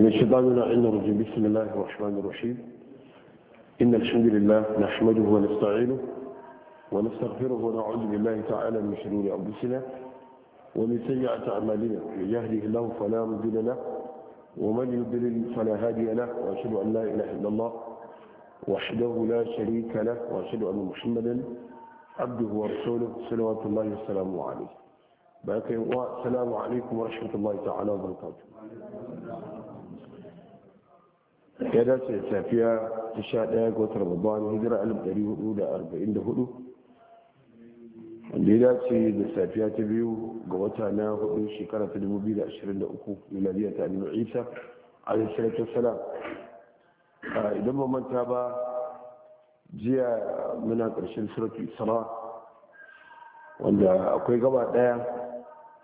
من الشيطان العين الرجيم بسم الله الرحمن الرحيم إن الحمد لله نحمده ونستعينه ونستغفره ونعوذ بالله تعالى من شرور أنفسنا ومن سيئة أعمالنا من يهده الله فلا مضل له ومن يضلل فلا هادي له وأشهد أن لا إله إلا الله وحده لا شريك له وأشهد أن محمدا عبده ورسوله صلوات الله وسلامه عليه باقي السلام عليكم ورحمة الله تعالى وبركاته ya dace da safiya ta sha ga watan babban hijira alif ɗari hudu da arba'in da hudu wanda ya dace da safiya ta biyu ga wata na hudu shekara ta dubu biyu da ashirin da uku miladiyar ta annabi isa alaihi ta salam idan ba manta ba jiya muna ƙarshen surafi sama wanda akwai gaba daya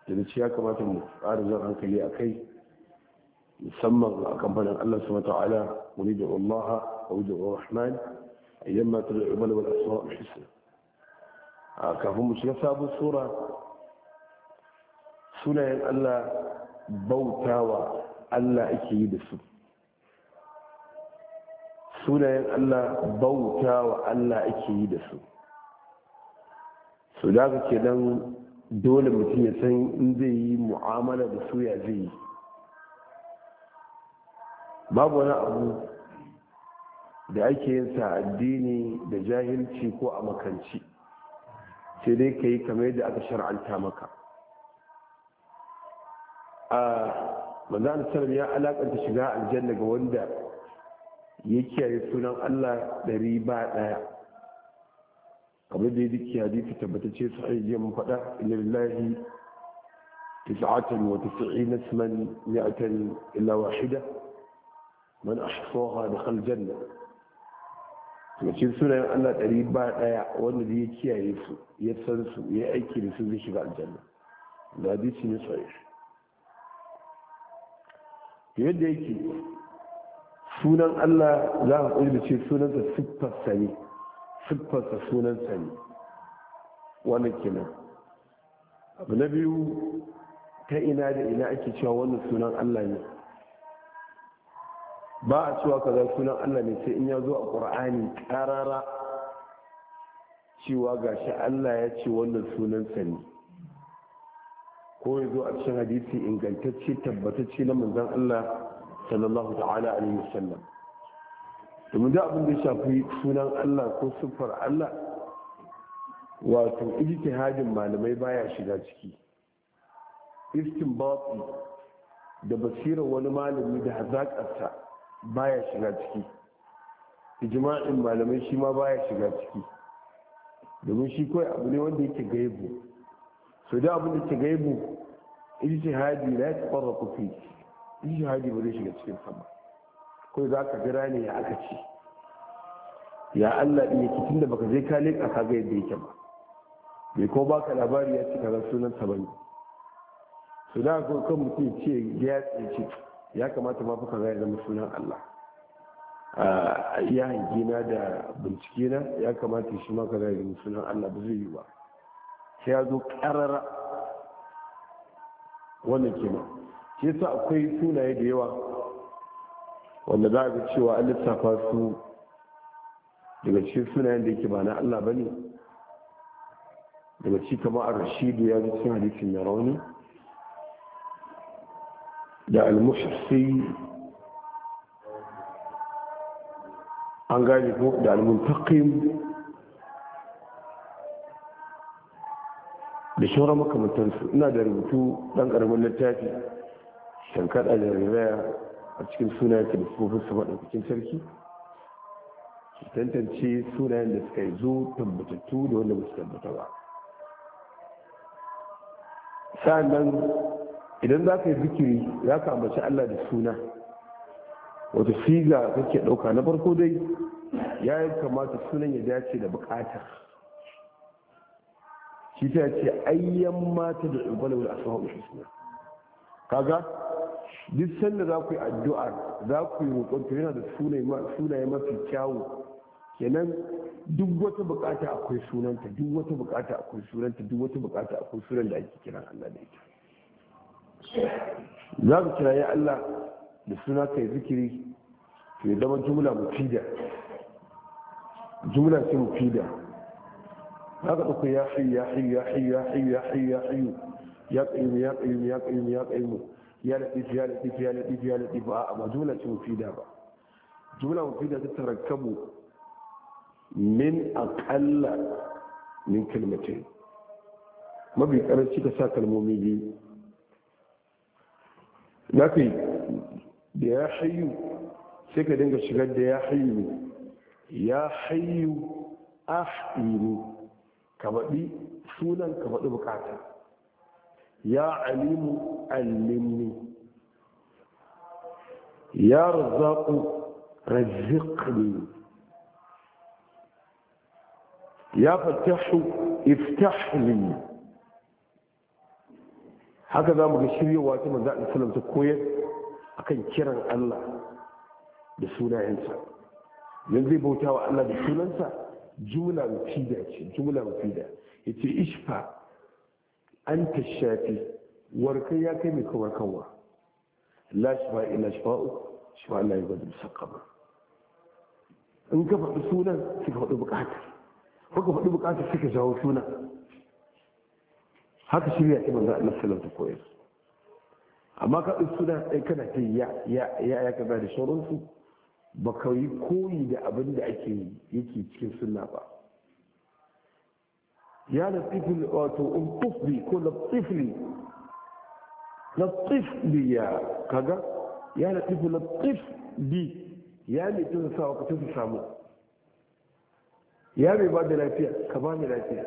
da ya kamata mu ƙara zan hankali a kai musamman a kamfanin Allah su ala wani da Allah a wajen Rahman a yamma matar da ibada wani asuwa a shi a kafin mu shiga sabon sura sunayen Allah bautawa Allah ake yi da su sunayen Allah bautawa Allah ake yi da su su da ke nan dole mutum ya san in zai yi mu'amala da suya zai yi babu wani abu da ake yin sa addini da jahilci ko a makanci sai dai ka yi kamar yadda aka shar'anta maka a manzan ya alakanta shiga aljanna ga wanda ya kiyaye sunan allah ɗari ba ɗaya kamar da ya duki hadisi tabbatacce su ajiye mu faɗa ilallahi tis'atan wa tis'ina isman mi'atan illa wahida man ahsaha dakhal janna cikin sunayen Allah ɗari ba ɗaya wanda da ya kiyaye su ya san su ya aiki da su zai shiga aljanna da hadisi ne tsaye yadda yake sunan Allah za ka ƙuri da sunansa siffarsa ne siffarsa sunansa ne wannan kenan abu na biyu ta ina da ina ake cewa wannan sunan Allah ne ba a cewa kaza sunan Allah ne sai in ya zo a ƙur'ani ƙarara cewa gashi Allah ya ce wannan sunansa ne ko ya zo a cikin hadisi ingantacce tabbatacce na manzon Allah sallallahu ta'ala alaihi wasallam domin da abin da shafi sunan Allah ko siffar Allah wato ijtihadin malamai baya shiga ciki istinbati da basirar wani malami da hazaƙarsa baya shiga ciki ijma'in malamai shi ma baya shiga ciki domin shi kawai abu ne wanda yake gaibu so da abu da ke gaibu ijtihadi la In fi Haji ba zai shiga cikin sama kawai za ka jira ne ya aka ce ya Allah ɗin yake tunda baka je ka leƙa ka ga yadda yake ba bai ko baka labari ya ci kaza sunan ta bane so da kan mutum ce ya tsaye ce ya kamata ma fuka zai zama sunan Allah ya na da bincike na ya kamata shi ma ka zai zama sunan Allah ba zai yi ba sai ya zo karara wannan kima shi yasa akwai sunaye da yawa wanda za a ga cewa an lissafa su daga cikin sunayen da yake ba na Allah ba ne daga ci kama a rashidu ya ji cikin hadisin ya rauni da almuhsi an gane ko da almuntaqim da makamantar su ina da rubutu dan karamin littafi shankar da jariraya a cikin sunayen kilifofin su cikin sarki su tantance sunayen da suka zo tabbatattu da wanda musu su tabbata ba sa'an nan idan za ka yi zikiri za ka ambaci Allah da suna wata siga kake ɗauka na farko dai ya yi kamata sunan ya dace da buƙatar shi ta ce ayyan mata da asuwa wani suna. kaga duk sanda za ku yi addu'a za ku yi hukunta yana da sunaye mafi kyawu kenan duk wata bukata akwai sunanta duk wata bukata akwai sunanta duk wata bukata akwai sunan da ake kiran Allah da ita za kira ya Allah da suna kai zikiri to ya zama jumla mufida jumla ce mufida za ka ɗauka ya hayu ya hayu ya hayu ya hayu ya hayu ya hayu ya ƙayyumu ya ƙayyumu ya ƙayyumu ya ƙayyumu ya laɗifu ya laɗifu ya laɗifu ya laɗifu ba jumla ce mufida ba jumla mufida ta tarakkabu min aƙalla min kalmatin mafi ƙaranci ka sa kalmomi biyu nafi da ya hayu sai ka dinga shigar da ya hayu ya hayu ahini ka baɗi sunan ka baɗi bukata ya alimu alimu. ya razzaku razziqni ya fatahu iftahli haka za mu ga shiryawa ta manzo Allah sallallahu ta koyar akan kiran Allah da sunayensa yanzu zai bauta wa Allah da sunansa jumla mufida ce jumla mufida yace ishfa anta shafi warkai ya kai mai kawar kanwa la shifa illa shifa'u shifa Allah ya bada ba in ka faɗi sunan suka faɗi bukatar ko ka faɗi bukata suka jawo sunan haka shirya ta manzan Allah sallallahu alaihi koyar amma ka ɗin suna ɗai kana ta ya ya ya kaza da shawararsu, ba ka yi koyi da abin da ake yi yake cikin sunna ba ya tsifin wato in tufbi ko na latifli ya kaga ya na latifli ya ne tun wa kacin su samu ya mai ba da lafiya ka ba ni lafiya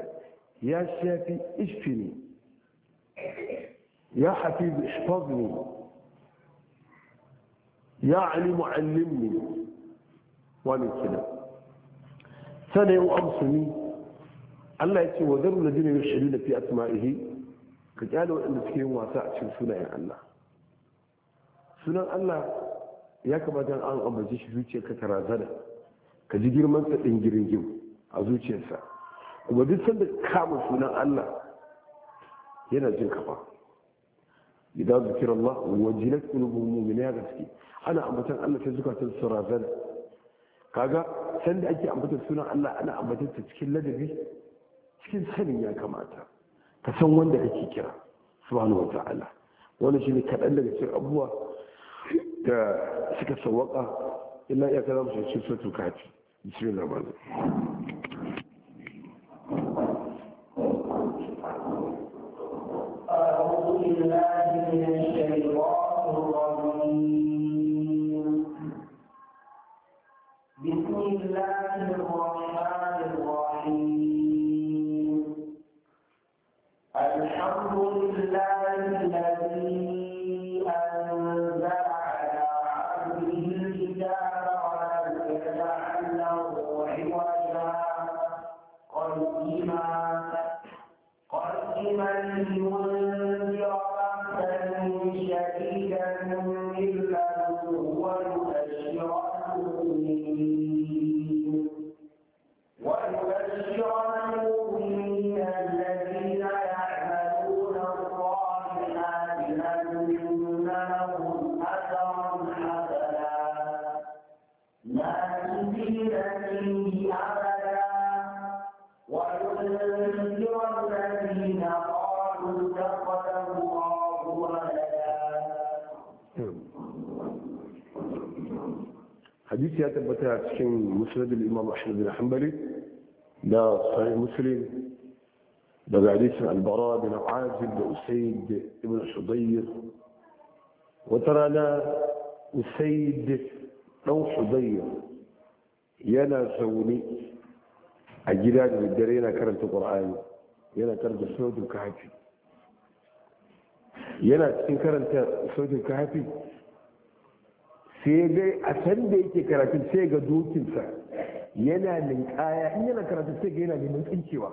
ya shafi ishfini يا حفيظ احفظني يا عليم علمني wani kina sanayin amsuni Allah ya ce wa zaru na jini shaidu da fi asma'ihi ka kyale waɗanda suke yin wasa a cikin sunayen Allah sunan Allah ya kamata an ambaci shi zuciyar ka tarazana ka ji girman sa ɗin girin a zuciyarsa kuma duk sanda kama sunan Allah yana jin kafa idan zikir Allah wajilat qulubul ya gaske ana ambatan Allah ta zukatan surazan kaga sanda ake ambatan sunan Allah ana ambatan ta cikin ladabi cikin sanin ya kamata ka san wanda kake kira subhanahu wata'ala shi shine kaɗan daga cikin abubuwa da suka sawaka illa iya kaza mu shi suratul kafi bismillahir rahmanir hadisi ya tabbata a cikin musulun imam ahmad bin hanbali da sahih muslim daga hadisin albara bin azib da usaid ibn hudayr wata rana usaid dan hudayr yana zaune a gida da daddare yana karanta qur'ani yana karanta suratul kahfi yana cikin karanta suratul kahfi sai ga a can da yake karatu sai ga dokinsa yana kaya in yana karatu sai ga yana neman tsincewa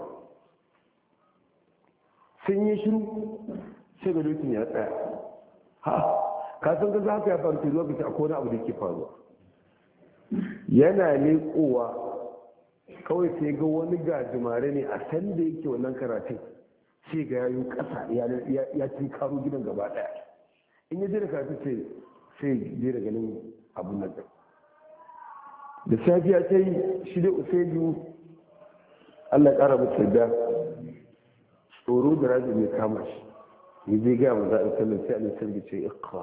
sun yi shiru sai ga dokin ya tsaya ha ka san ga za ka ya faru lokaci akwai wani abu da ke faruwa yana leƙowa kawai sai ga wani gajimare ne a san da yake wannan karatun sai ga yayin kasa ya karo gidan gaba ɗaya in ya je da karatu sai sai je daga nan abu na da safiya ta yi shi da usaidu allah ƙara mutu da tsoro da rajin mai kama shi ya zai gaya maza a sallar sai an sallar ce ikra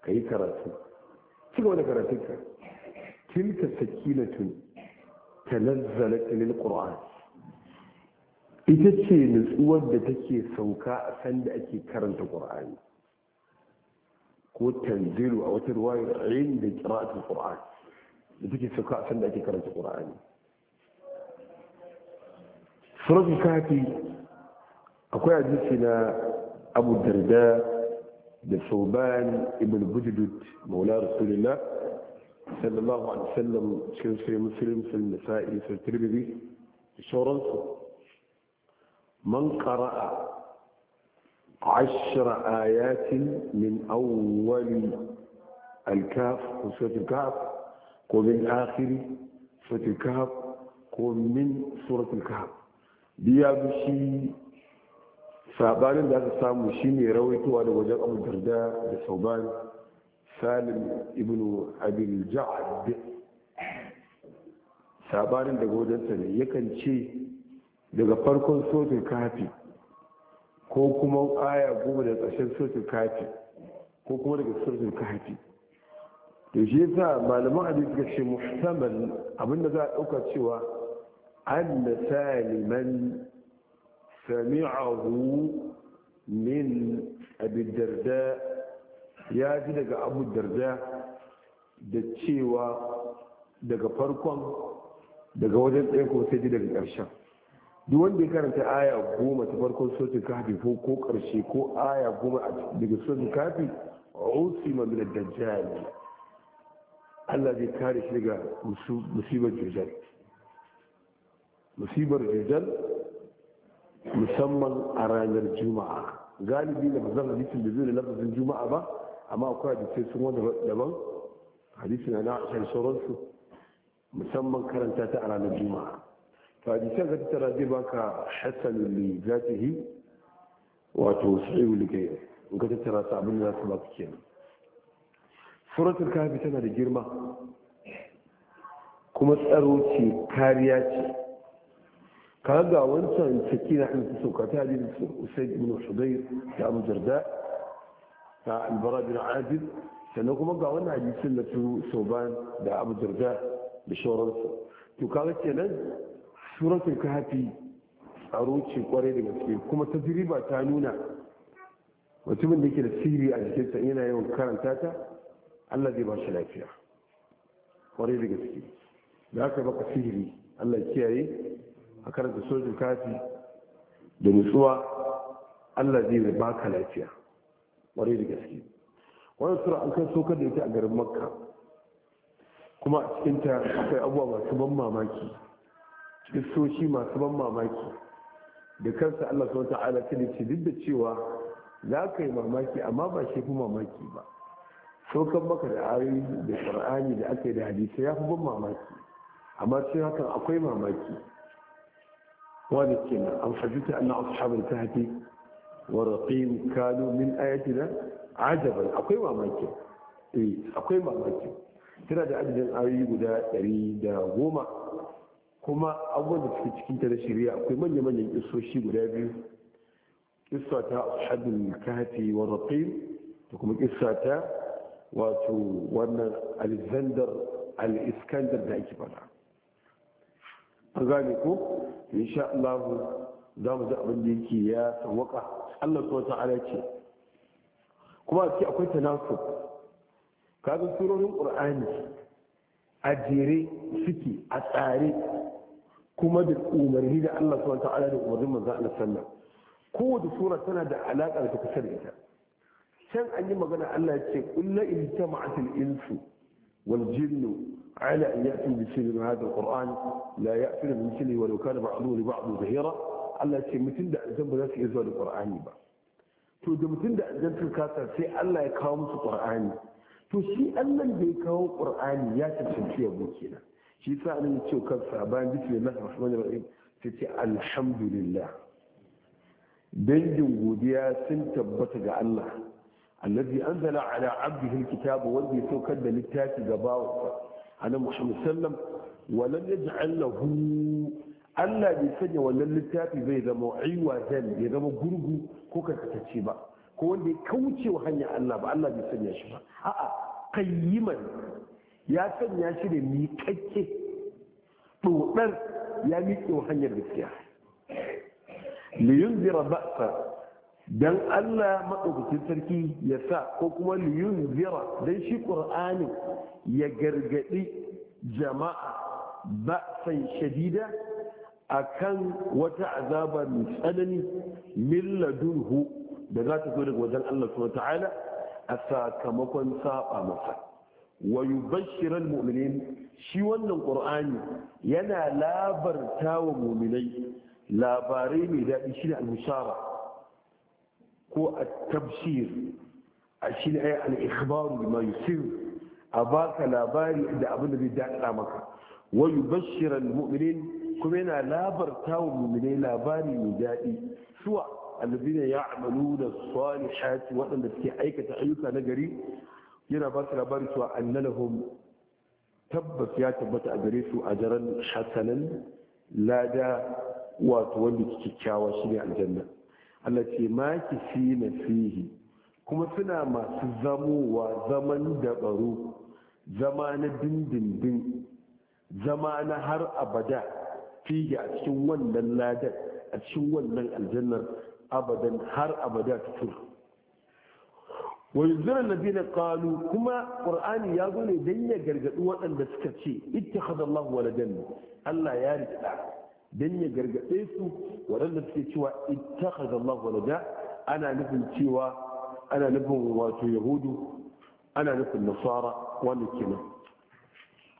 ka yi karatu ci gaba da ka tilka sakinatun tanazzala ilil qur'an ita ce nutsuwar da take sauka a sanda ake karanta ƙur'ani. والتنزيله أو الرواية عند قراءة القرآن لتجي في قراءة سنة قراءة القرآن سورة الكهفي أقول أدلسنا أبو الدرداء بن ثوبان ابن بجدد مولى رسول الله صلى الله عليه وسلم شكرا في مسلم في النسائي في التربية في شورنسو من قرأ عشر آيات من أول الكاف سورة الكهف ومن آخر سورة الكهف ومن سورة الكهف الكاف بيابشي سابان ذات سامشين يرويتو على وجه أبو الدرداء بصوبان سالم ابن أبي الجعد سابان داك وجه سنة يكن شيء ذات فرق سورة الكهف ko kuma aya goma da ƙarshen sautin kafi ko kuma daga sautin kafi da shi yasa malaman abin suka ce muhtamal abinda za a ɗauka cewa an da saliman sami'ahu min abidarda ya ji daga abu darda da cewa daga farkon daga wajen ɗaya ko sai ji daga ƙarshen duk wanda ya karanta aya goma ta farkon sotin kafi ko ko karshe ko aya goma daga sotin kafi usi ma min dajjal Allah zai kare shi daga musibar jujjal musibar jujjal musamman a ranar juma'a galibi da bazan hadisin da zai da lafazin juma'a ba amma akwai hadisai sun wanda daban hadisin na na'ashar sauransu musamman karanta ta a ranar juma'a hadisan ka tattara zai baka Hassan li zatihi wato sa'iu li gairi in ka tattara su abin da za su baka kenan suratul kahfi tana da girma kuma tsaro ce kariya ce ka ga wancan sakina in su sauka ta hadisi usaid ibn hudayr da abu jarda da albara bin azib sannan kuma ga wannan hadisin na su sauban da abu jarda da shawararsu. to kaga kenan suratul kafi tsaro ce kwarai da gaske kuma ba ta nuna mutumin da ke da siri a jikinsa yana yawan karanta ta Allah zai ba shi lafiya kwarai da gaske da aka baka sihiri Allah kiyaye a karanta sojin kafi da nutsuwa Allah zai baka lafiya kwarai da gaske wannan sura an kai sokar da ita a garin makka kuma a cikinta akwai abubuwa masu ban mamaki kisoshi masu ban mamaki da kansa Allah sau ta'ala ta ce duk da cewa za ka yi mamaki amma ba shi fi mamaki ba saukan maka da ayoyi da qur'ani da aka yi da hadisi ya fi ban mamaki amma sai hakan akwai mamaki wani kenan an fahimta anna ta haɗe wa raqim kanu min ayatina ajaban akwai mamaki eh akwai mamaki tana da adadin ayoyi guda 110 kuma abubuwan da suke cikin ta na shirya akwai manya-manyan kisoshi guda biyu Kisa ta ashabul kahfi wa raqim da kuma kisa ta wato wannan alexander al-iskandar da ake fada an gane ko insha Allah za mu abin da yake ya sawaka Allah subhanahu ta'ala ce kuma a cikin akwai tanasub kaga surorin ƙur'ani a jere suke a tsare kuma da umarni da Allah subhanahu ta'ala da umarnin manzo Allah sallallahu kowace sura tana da alaka da kusa da ita can an yi magana Allah ya ce kullu in jama'atul insu wal jinnu على أن يأتوا بمثل هذا القرآن لا يأتون بمثله ولو كان بعضهم لبعض ظهيرا Allah ce mutum da aljan ba za su iya zuwa da Qur'ani ba to da mutum da aljan sun kasa sai Allah ya kawo musu Qur'ani to shi Allah da ya kawo Qur'ani ya shi ya bukina. shi sa an yi ce kansa bayan bismillah rahman rahim sai ce alhamdulillah dangin godiya sun tabbata ga Allah allazi anzala ala abdihi alkitaba wanda ya saukar da littafi ga bawansa annabi Muhammad sallam walam yaj'al lahu Allah bai sanya wannan littafi zai zama aiwa dan ya zama gurgu ko karkatacce ba ko wanda ya kauce wa hanyar Allah ba Allah bai sanya shi ba a'a qayyiman ya sanya shi da miƙaƙƙe ɗoɗar ya miƙe wa hanyar gaskiya liyun zira ba'sa don Allah maɗaukacin sarki ya sa ko kuma liyun zira don shi ƙur'anin ya gargaɗi jama'a ba'san shadida akan wata azaba mai tsanani min ladunhu da za ta zo daga wajen Allah subhanahu ta'ala a sakamakon saba masa wa yubashshiral mu'minin shi wannan qur'ani yana labarta wa mu'minai labarai mai daɗi shi ne al-mushara ko at-tabshir a shi ne al-ikhbaru bima yusir a baka labari da abin da zai daɗa maka wa yubashshiral mu'minin kuma yana labarta wa mu'minai labari mai daɗi suwa alladhina ya'maluna as-salihati waɗanda suke aikata ayyuka na gari yana ba su labari cewa annalahum tabbas ya tabbata a gare su a jaran hasanan lada wato wanda kyakkyawa shi ne aljanna Allah ce ma ki fi na fihi kuma suna masu zamowa zaman dabaru zama na dindindin zama na har abada fiye a cikin wannan ladar a cikin wannan aljannar abadan har abada ta ويزر الذين قالوا كما قرآن يقول دنيا قرقد وأن تسكتشي اتخذ الله ولدا الله يارد دنيا قرقد إيسو وأن اتخذ الله ولدا أنا نبن تيوا أنا نبن واتو يهود أنا نبن نصارى وأنا كنا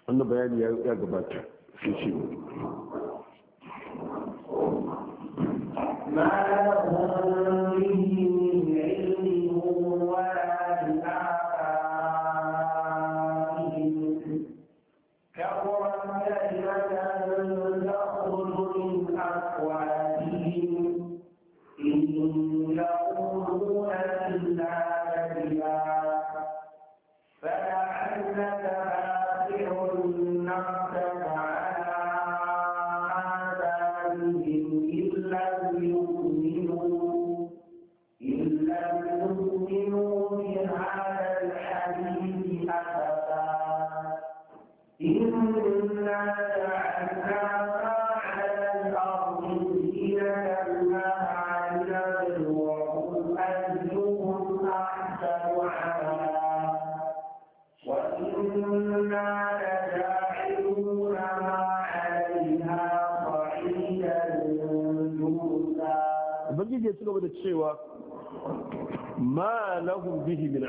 أنا بيان يا قبات في شيء ما لهم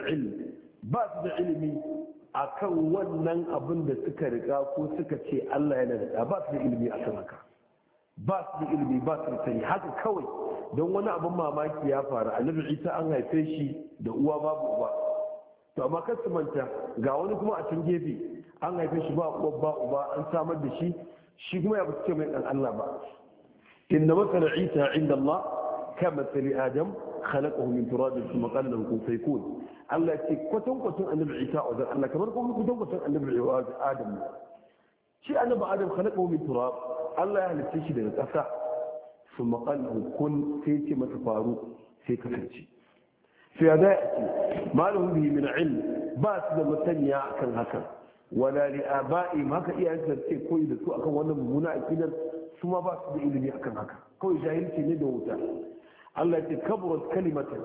ilm ba su da ilimi kan wannan abin da suka riga ko suka ce Allah yana da ba su da ilimi akan haka ba su da ilimi ba su da sani haka kawai don wani abin mamaki ya faru annabi Isa an haife shi da uwa babu uba to amma kar su manta ga wani kuma a can gefe an haife shi ba uwa ba uba an samar da shi shi kuma ya fi ce mai dan Allah ba inna masala Isa inda Allah kama sali Adam خلقه min turabin ثم قال له كن Allah ce kwatan kwatan annabi Isa a wajen Allah kamar kuma kwatan kwatan annabi Adam shi annabi Adam khalaqa min turab Allah ya halitta shi daga ƙasa su qala kun sai ce masa faru sai kasance sai da yake malamin bihi min ilm ba su da masaniya akan hakan wala bai aba'i haka iya su ce koyi da su akan wannan mummuna akidar su ma ba su da ilimi akan haka kawai jahilci ne da wuta Allah ya ce kaburat kalimatan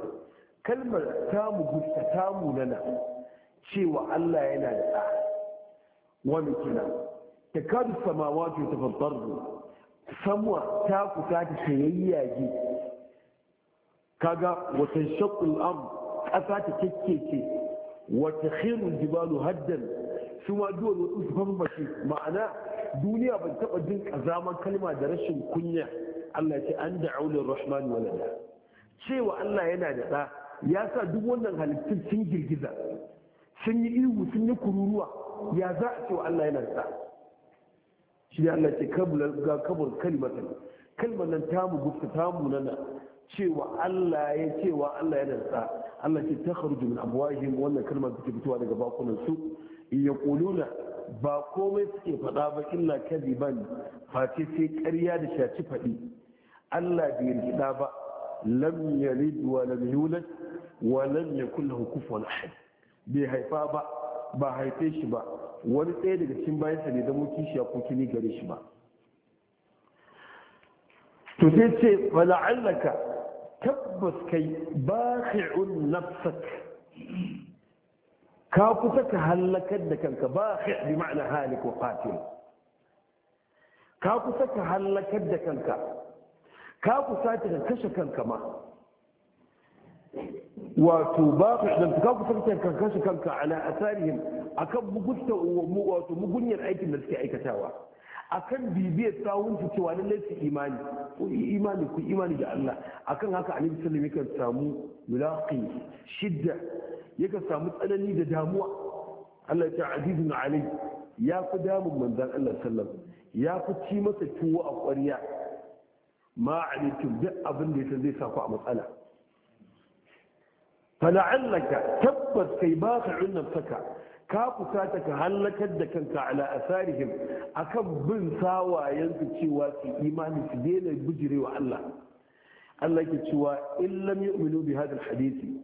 kalmar tamu gusta tamu nana cewa Allah yana da ɗa wani kina ta kadu samawa ce ta da samuwa ta kusa ta shayayyage kaga wata shakul am ƙasa ta kekkece wata khirun jibalu haddan su ma duwar wasu su ma'ana duniya ban taɓa jin ƙazaman kalma da rashin kunya Allah ce an da'aulin rahman walada cewa Allah yana da ɗa ya sa duk wannan halittun sun girgiza sun yi ihu sun yi kururuwa ya za a cewa Allah yana da shi ne Allah ce ga kabul kalimatan kalmar nan tamu gufta mu nana cewa Allah ya cewa Allah yana da Allah ce ta kharuju min abwahim wannan kalmar take fitowa daga bakunan su yaquluna ba komai suke faɗa ba illa kadiban face sai ƙarya da shaci faɗi Allah bai rikida ba lam yalid wa lam yulad walam yakul lahu kufuwan ahad bai haifa ba ba haife shi ba wani ɗaya daga cikin bayansa ne da mukin shi ya kuki ni gare shi ba to sai ce fala'allaka tabbas kai ba bakhi'un nafsak ka kusa ka hallakar da kanka bakhi' bi ma'ana halik wa qatil ka kusa ka hallakar da kanka ka kusa ka kashe kanka ma wato ba ku da ka ku tafiyar kan kanka ala asarihim akan mugunta wato mugunyar aikin da suke aikatawa akan bibiya sawun su cewa lallai su imani ku imani ku imani da Allah akan haka annabi sallallahu alaihi wasallam samu mulaqi shidda yaka samu tsanani da damuwa Allah ya ta azizun alai ya fi damun manzan Allah wasallam ya fi ci masa tuwo a ƙwariya. ma duk abin da ya zai sa ku a matsala fala'allaka tabbas kai ba ka saka ka fusata ka hallakar da kanka ala asarihim akan bin sawayensu cewa su imani su daina bijirewa Allah Allah ke cewa in lam yu'minu bi hadal hadisi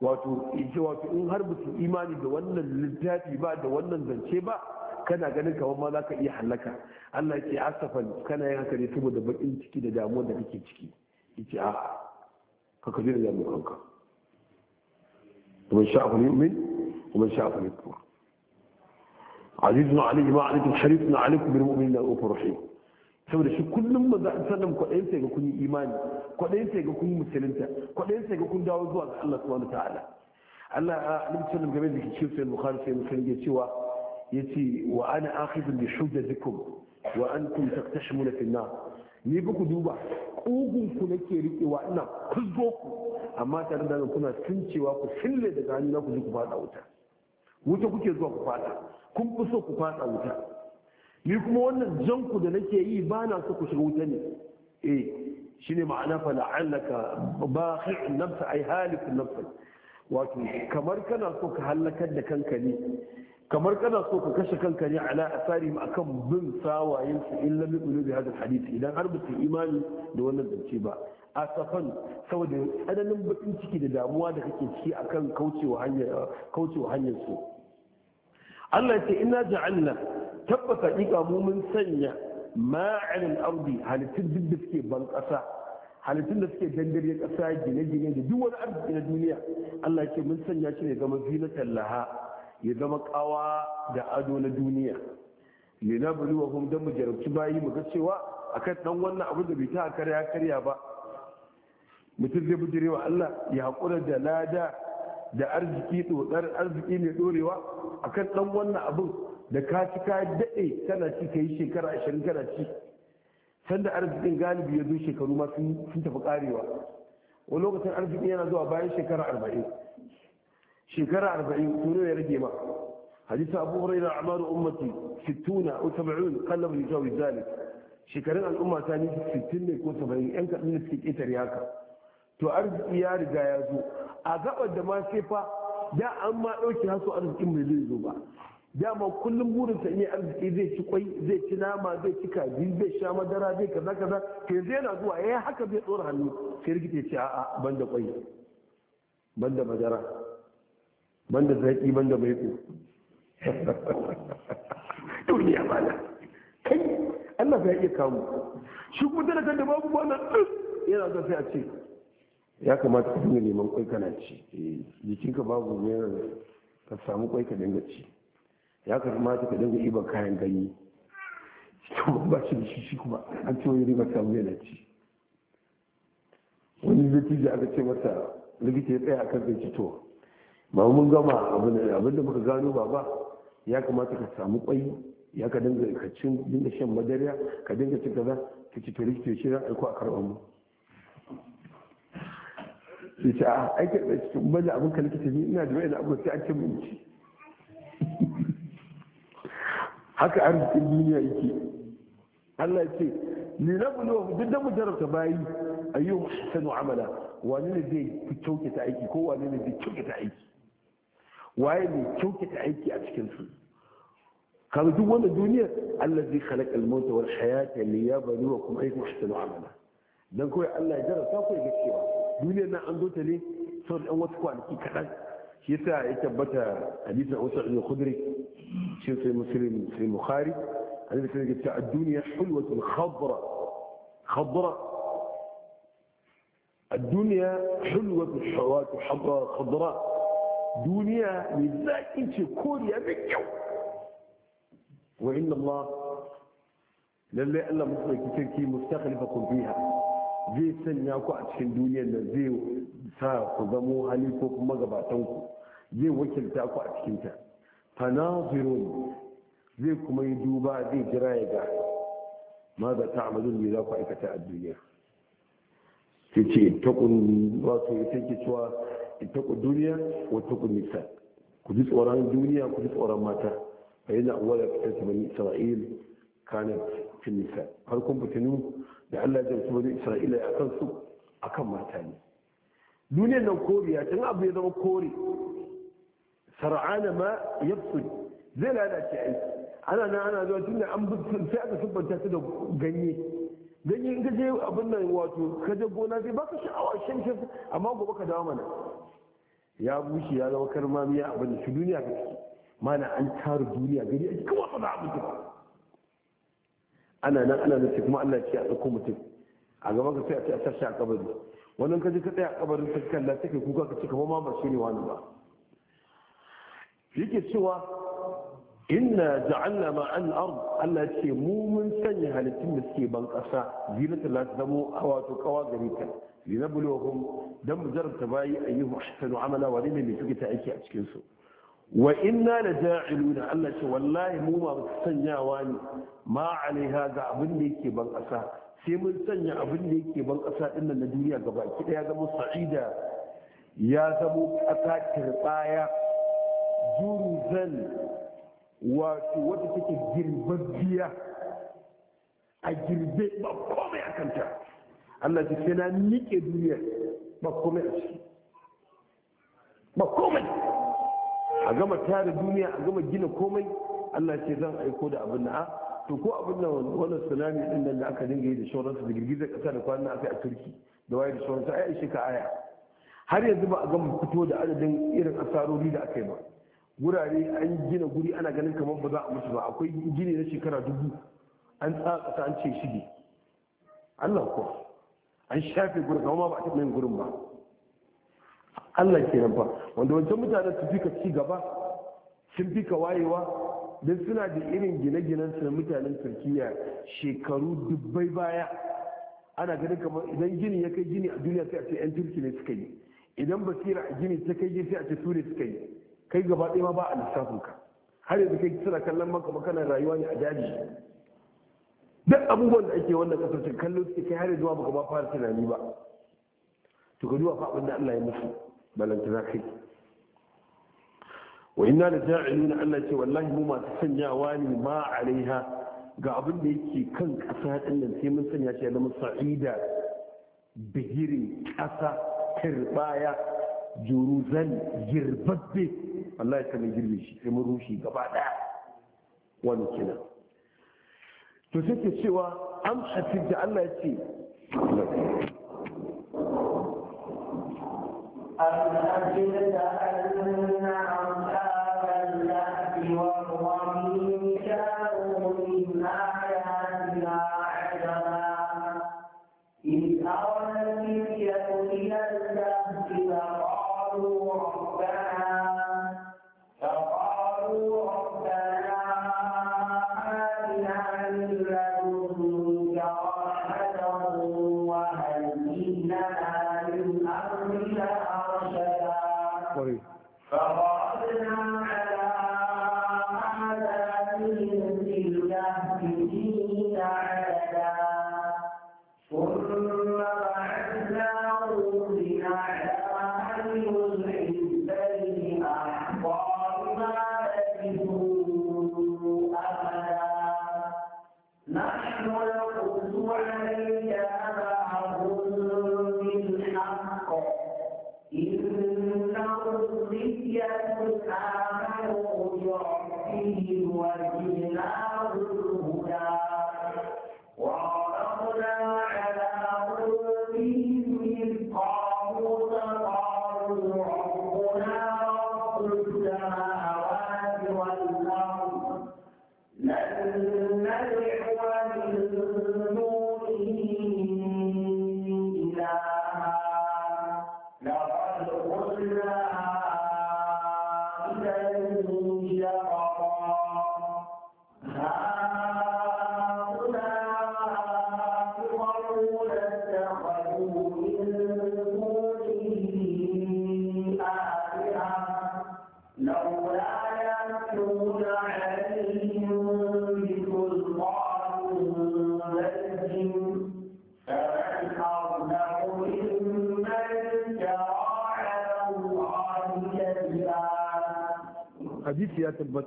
wato wato in har ba su imani da wannan littafi ba da wannan zance ba kana ganin kamar ma za ka iya hallaka Allah ce asafan kana yin haka ne saboda bakin ciki da damuwar da kake ciki ce a'a ka kaje da damuwar kanka ومن شاء فليؤمن ومن شاء فليكفر عزيز عليه ما عليكم حريص عليكم بالمؤمنين رؤوف رحيم saboda shi kullum manzo sallam kwaɗayin sai ga kun yi imani kwaɗayin sai ga kun musulunta kwaɗayin sai ga kun dawo zuwa ga Allah subhanahu ta'ala Allah a nabi sallam game da cikin sai bukhari sai muslim ya cewa yace wa ana akhidhu bi hujjatikum wa antum taqtashimuna fi an-nar ni ba ku duba kugun ku nake riƙewa ina kuzgo ku amma tare da kuna cewa ku fille daga hannu na ku ji ku fada wuta wuta kuke zuwa ku fada kun fi so ku fada wuta ni kuma wannan janku da nake yi ba na so ku shiga wuta ne eh shine ma'ana fa la'allaka baqi'un nafsa ay halikun nafsa wato kamar kana so ka halakar da kanka ne kamar kana so ka kashe kanka ne ala asarihim akan bin sawayen su in lam yu'minu bi hadha hadisi idan har ba imani da wannan zance ba asafan saboda tsananin bakin ciki da damuwa da kake ciki akan kaucewa hanyar su Allah ya ce ji ja'alna tabbata hakika mu mun sanya ma'anin ardi halittun duk da suke ban kasa halittun da suke dangare kasa gine-gine da duk wani arziki na duniya Allah ya ce mun sanya shi ne zama zinatan laha ya zama ƙawa da ado na duniya Lina linabluwahum dan mu jarabci bayi mu ga cewa akan ɗan wannan abu da bai ta karya karya ba mutum zai bujire wa Allah ya haƙura da lada da arziki ɗoɗar arziki mai ɗorewa akan ɗan wannan abin da ka ci ka daɗe kana ci ka yi shekara ashirin kana ci sanda arzikin galibi ya zo shekaru ma sun tafi ƙarewa wani lokacin arziki yana zuwa bayan shekara arba'in shekara arba'in tuno ya rage ma hadisi abu yana amaru ummati sittuna aw saba'in kallon yujawi zalik shekarun al'umma ta ne sittin ne ko saba'in yan kaɗin da suke ƙetare haka to arziki ya riga ya zo a gabar da ma sai fa da an ma ɗauki haso arziki mai zai zo ba ma kullum burinsa in yi arziki zai ci kwai zai ci nama zai ci kaji zai sha madara zai kaza kaza ke zai yana zuwa ya eh, haka zai tsora hannu sai rikice ce a'a banda kwai banda madara banda zaki banda maiko duniya bala kai Allah ya iya kawo. shi kuma talakar da babu wannan yana sai a ce ya kamata ka dinga neman kwai kana ci eh, jikinka babu mayar ka samu kwai ka dinga ci ya kamata ka dinga iban kayan ganye kuma ba shi da shi shi kuma an ce wani riba samu yana ci wani zai aka ce masa likita ya tsaya a kan zai to ba mun gama abin da muka gano ba ba ya kamata ka samu kwai ya ka dinga ka cin dinga shan madariya ka dinga cin kaza ka ci to likita ya shirya aiko a karɓar mu sai ce a aikar da cikin bane abin ka likita ne ina da wani abu sai an ce mun ci haka arzikin duniya yake Allah ya ce ni na bulo duk da mu jarabta bayi ayyuhu ahsanu amala wani ne zai kyautata aiki ko wani ne zai kyautata aiki waye ne kyautata aiki a cikin su kaga duk wannan duniya Allah zai khalaqa al-mauta wal hayata liyabluwakum ayyukum ahsanu amala dan kawai Allah ya jarabta ku ya ga cewa duniyar nan an zo ta ne sau da wasu kwanaki kaɗan shi yasa ya tabbata hadisa a wasu ajiyar khudri shi sai musulun sai Bukhari annabi sai ya ce ad-dunya hulwatun khadra khadra ad-dunya hulwatun shawatu khadra khadra duniya mai zaƙin ce koriya mai kyau wa inda Allah lallai Allah mutu da musulunci sarki kun biya zai sanya ku a cikin duniyar da zai sa ku zamo hali ko kuma gabatan ku zai wakilta ku a cikin ta fanazirun zai kuma yi duba zai jira ya ga ma za ta amalin ne za ku aikata a duniya sai ce kun wato ya sai ke cewa itakun duniya wa takun nisa ku ji tsoron duniya ku ji tsoron mata a yana da fitar ta bani isra'il kanat fi nisa har kun fitinu da Allah ya su bani Isra'ila a kan su a mata ne duniyar nan ya tun abu ya zama kore sar'ana ma fi zai lalace yi, ana nan ana zuwa da an sai aka sabbanta su da ganye ganye in ka je abin nan wato ka je gona sai ba ka sha'awa shan shan amma gobe ka dawo mana ya bushe ya zama karmamiya abin da shi duniya ka ciki mana an tara duniya gari a cikin wasu da abin ba ana nan ana nan kuma Allah ce a ɗauko mutum a gaban ka sai a ce a tashi a kabari wannan ka ji ka tsaya a kabarin ta kalla ta kai kuka ka ce kamar ma ba shi ne wani ba yake cewa inna ja'alna ma an ard Allah ce mu mun sanya halittun da suke ban ƙasa zinatul la zamo a wato kawa gari ta linabluwahum dan mu jarabta bayi ayyuhu ahsanu amala wa ne mai suke ta aiki a cikin su wa inna la ja'iluna Allah ce wallahi mu ma sanyawa ne ma alaiha ga abin da yake ban ƙasa sai mun sanya abin da yake ban ƙasa din na duniya gaba ki daya zama sa'ida ya zamo ƙasa tirbaya jurzan wato wata take girbabbiya a girbe ba komai a kanta Allah ce sai na nike duniya ba komai ba komai a gama tare duniya a gama gina komai Allah ce zan aiko da abin na. Ah, to ko abin da wannan tsunami din da aka dinga yi da shawararsa, da girgizar kasa da kwanan aka yi a turki da waye da shawararsa, ai shi ka aya har yanzu ba a gama fito da adadin irin asarori da aka yi ba gurare an gina guri ana ganin kamar ba za a mutu ba akwai gini na shekara dubu an tsaka an ce shige Allah ko an shafe gurin kama ba a taɓa yin gurin ba Allah kenan fa wanda wancan mutanen su fika ci gaba sun fika wayewa don suna da irin gine-ginen su na mutanen turkiya shekaru dubbai baya ana ganin kamar idan gini ya kai gini a duniya sai a ce 'yan turki ne suka yi idan basira a gini ta kai sai a ce su ne suka yi kai gaba ɗaya ma ba a lissafin ka har yanzu kai suna kallon maka kana rayuwa ne a daji duk abubuwan da ake wannan kasar kallon su kai har yanzu ba ka ba fara tunani ba to ka duba fa abin da Allah ya musu balanta za kai wa na da ja'iluna Allah ce wallahi mu masu sanyawa ne ma alaiha ga abin da yake kan ƙasa ɗin nan sai mun sanya shi ya zama sa'ida bigirin ƙasa turbaya juruzan girbabbe wallahi ta mai girbe shi sai mun rushe gaba ɗaya wani kina to sai ke cewa am hasib da Allah ya ce أن أجلس أن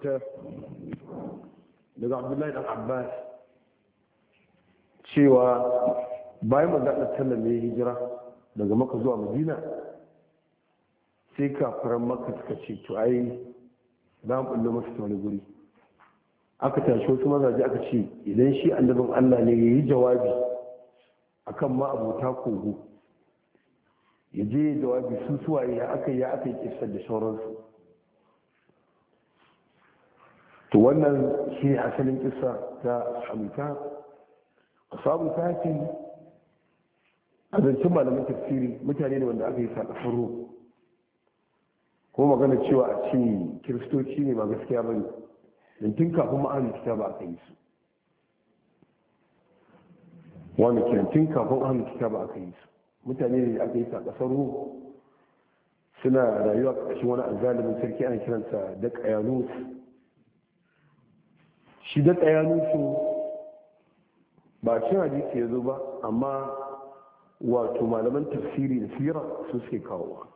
fitar daga abdullahi dan abbas cewa bayan magana tana ya hijira daga maka zuwa madina sai kafaran maka suka ce to ai za mu ɓullo masa ta wani guri aka tashi wasu mazaje aka ce idan shi annabin allah ne ya yi jawabi akan ma abota kogo ya je jawabi su suwaye ya aka yi ya aka yi kisar da sauransu to wannan shi ne asalin kisa ta Amita ashabul kahfi a zancen malamin tafsiri mutane ne wanda aka yi sa saƙafin ko magana cewa a ce kiristoci ne ba gaskiya ba ne don tun kafin ma'anin kita ba aka yi su wani kiran tun kafin ma'anin kita ba aka yi su mutane ne aka yi saƙafin suna rayuwa ƙarshen wani azalimin sarki ana kiransa da ƙayanus shi da ba cin hadisi ya zo ba amma wato malaman tafsiri da sira su suke kawowa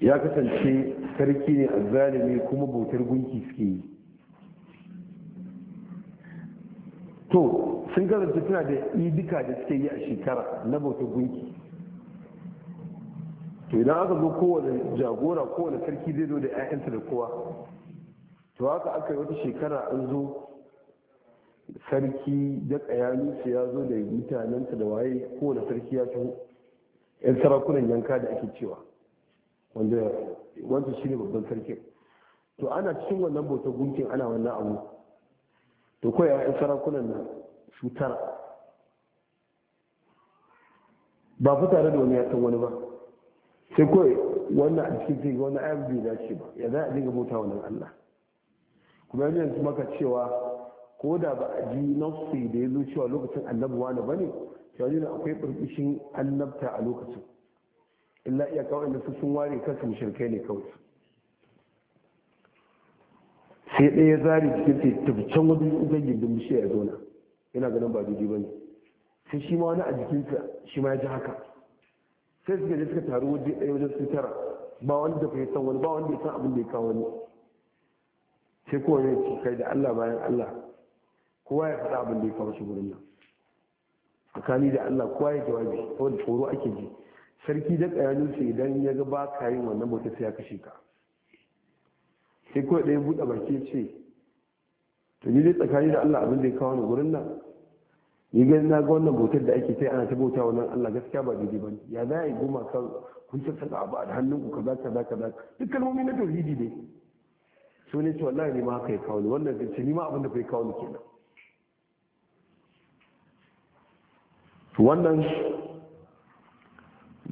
ya kasance sarki ne a zalimi kuma bautar gunki suke yi to sun karanta suna da idika da suke yi a shekara na bautar gunki to idan aka zo kowane jagora kowane sarki zai zo da 'ya'yansa da kowa to haka aka yi wata shekara an zo sarki da kayanusa ya zo da mutanensa da waye kowane sarki ya ci yan sarakunan yanka da ake cewa wanda wancan shi ne babban sarki. to ana cikin wannan bautar gunkin ana wannan abu to kawai yan sarakunan nan su tara ba fa tare da wani ya san wani ba sai kawai wannan a cikin sai wani ayan bai dace ba ya za a dinga bauta wannan Allah kuma yanzu yanzu maka cewa ko da ba a ji nafsi da ya zo cewa lokacin annabi wani ba ne cewa yana akwai ɓarɓishin annabta a lokacin illa iya kawai da su sun ware kansu mushrikai ne kawai sai ɗaya zari cikin ta tabbacin wajen zai gindin bishiya ya zauna yana ganin ba daidai ba ne sai shi ma wani a jikinsa shi ma ya ji haka sai su je suka taru waje ɗaya wajen su tara ba wani da fahimtar wani ba wani da san abin da ya kawo ne sai kowa ne ci kai da Allah bayan Allah kowa ya faɗa abin da ya kawo shi wurin nan tsakani da Allah kowa ya jawabi saboda tsoro ake ji sarki da su idan ya ga ba ka yin wannan bauta sai ya kashe ka sai kawai ɗaya buɗe baki ce to ni dai tsakani da Allah abin da ya kawo ne wurin nan ni na ga wannan bautar da ake sai ana ta bauta wannan Allah gaskiya ba daidai ba ya za a yi goma kan kun tattala abu a hannun ku kaza kaza kaza duk kalmomi na tauhidi ne su ne ce wallahi ne ma haka ya kawo ni wannan zance ni ma abin da kai kawo ni kenan wannan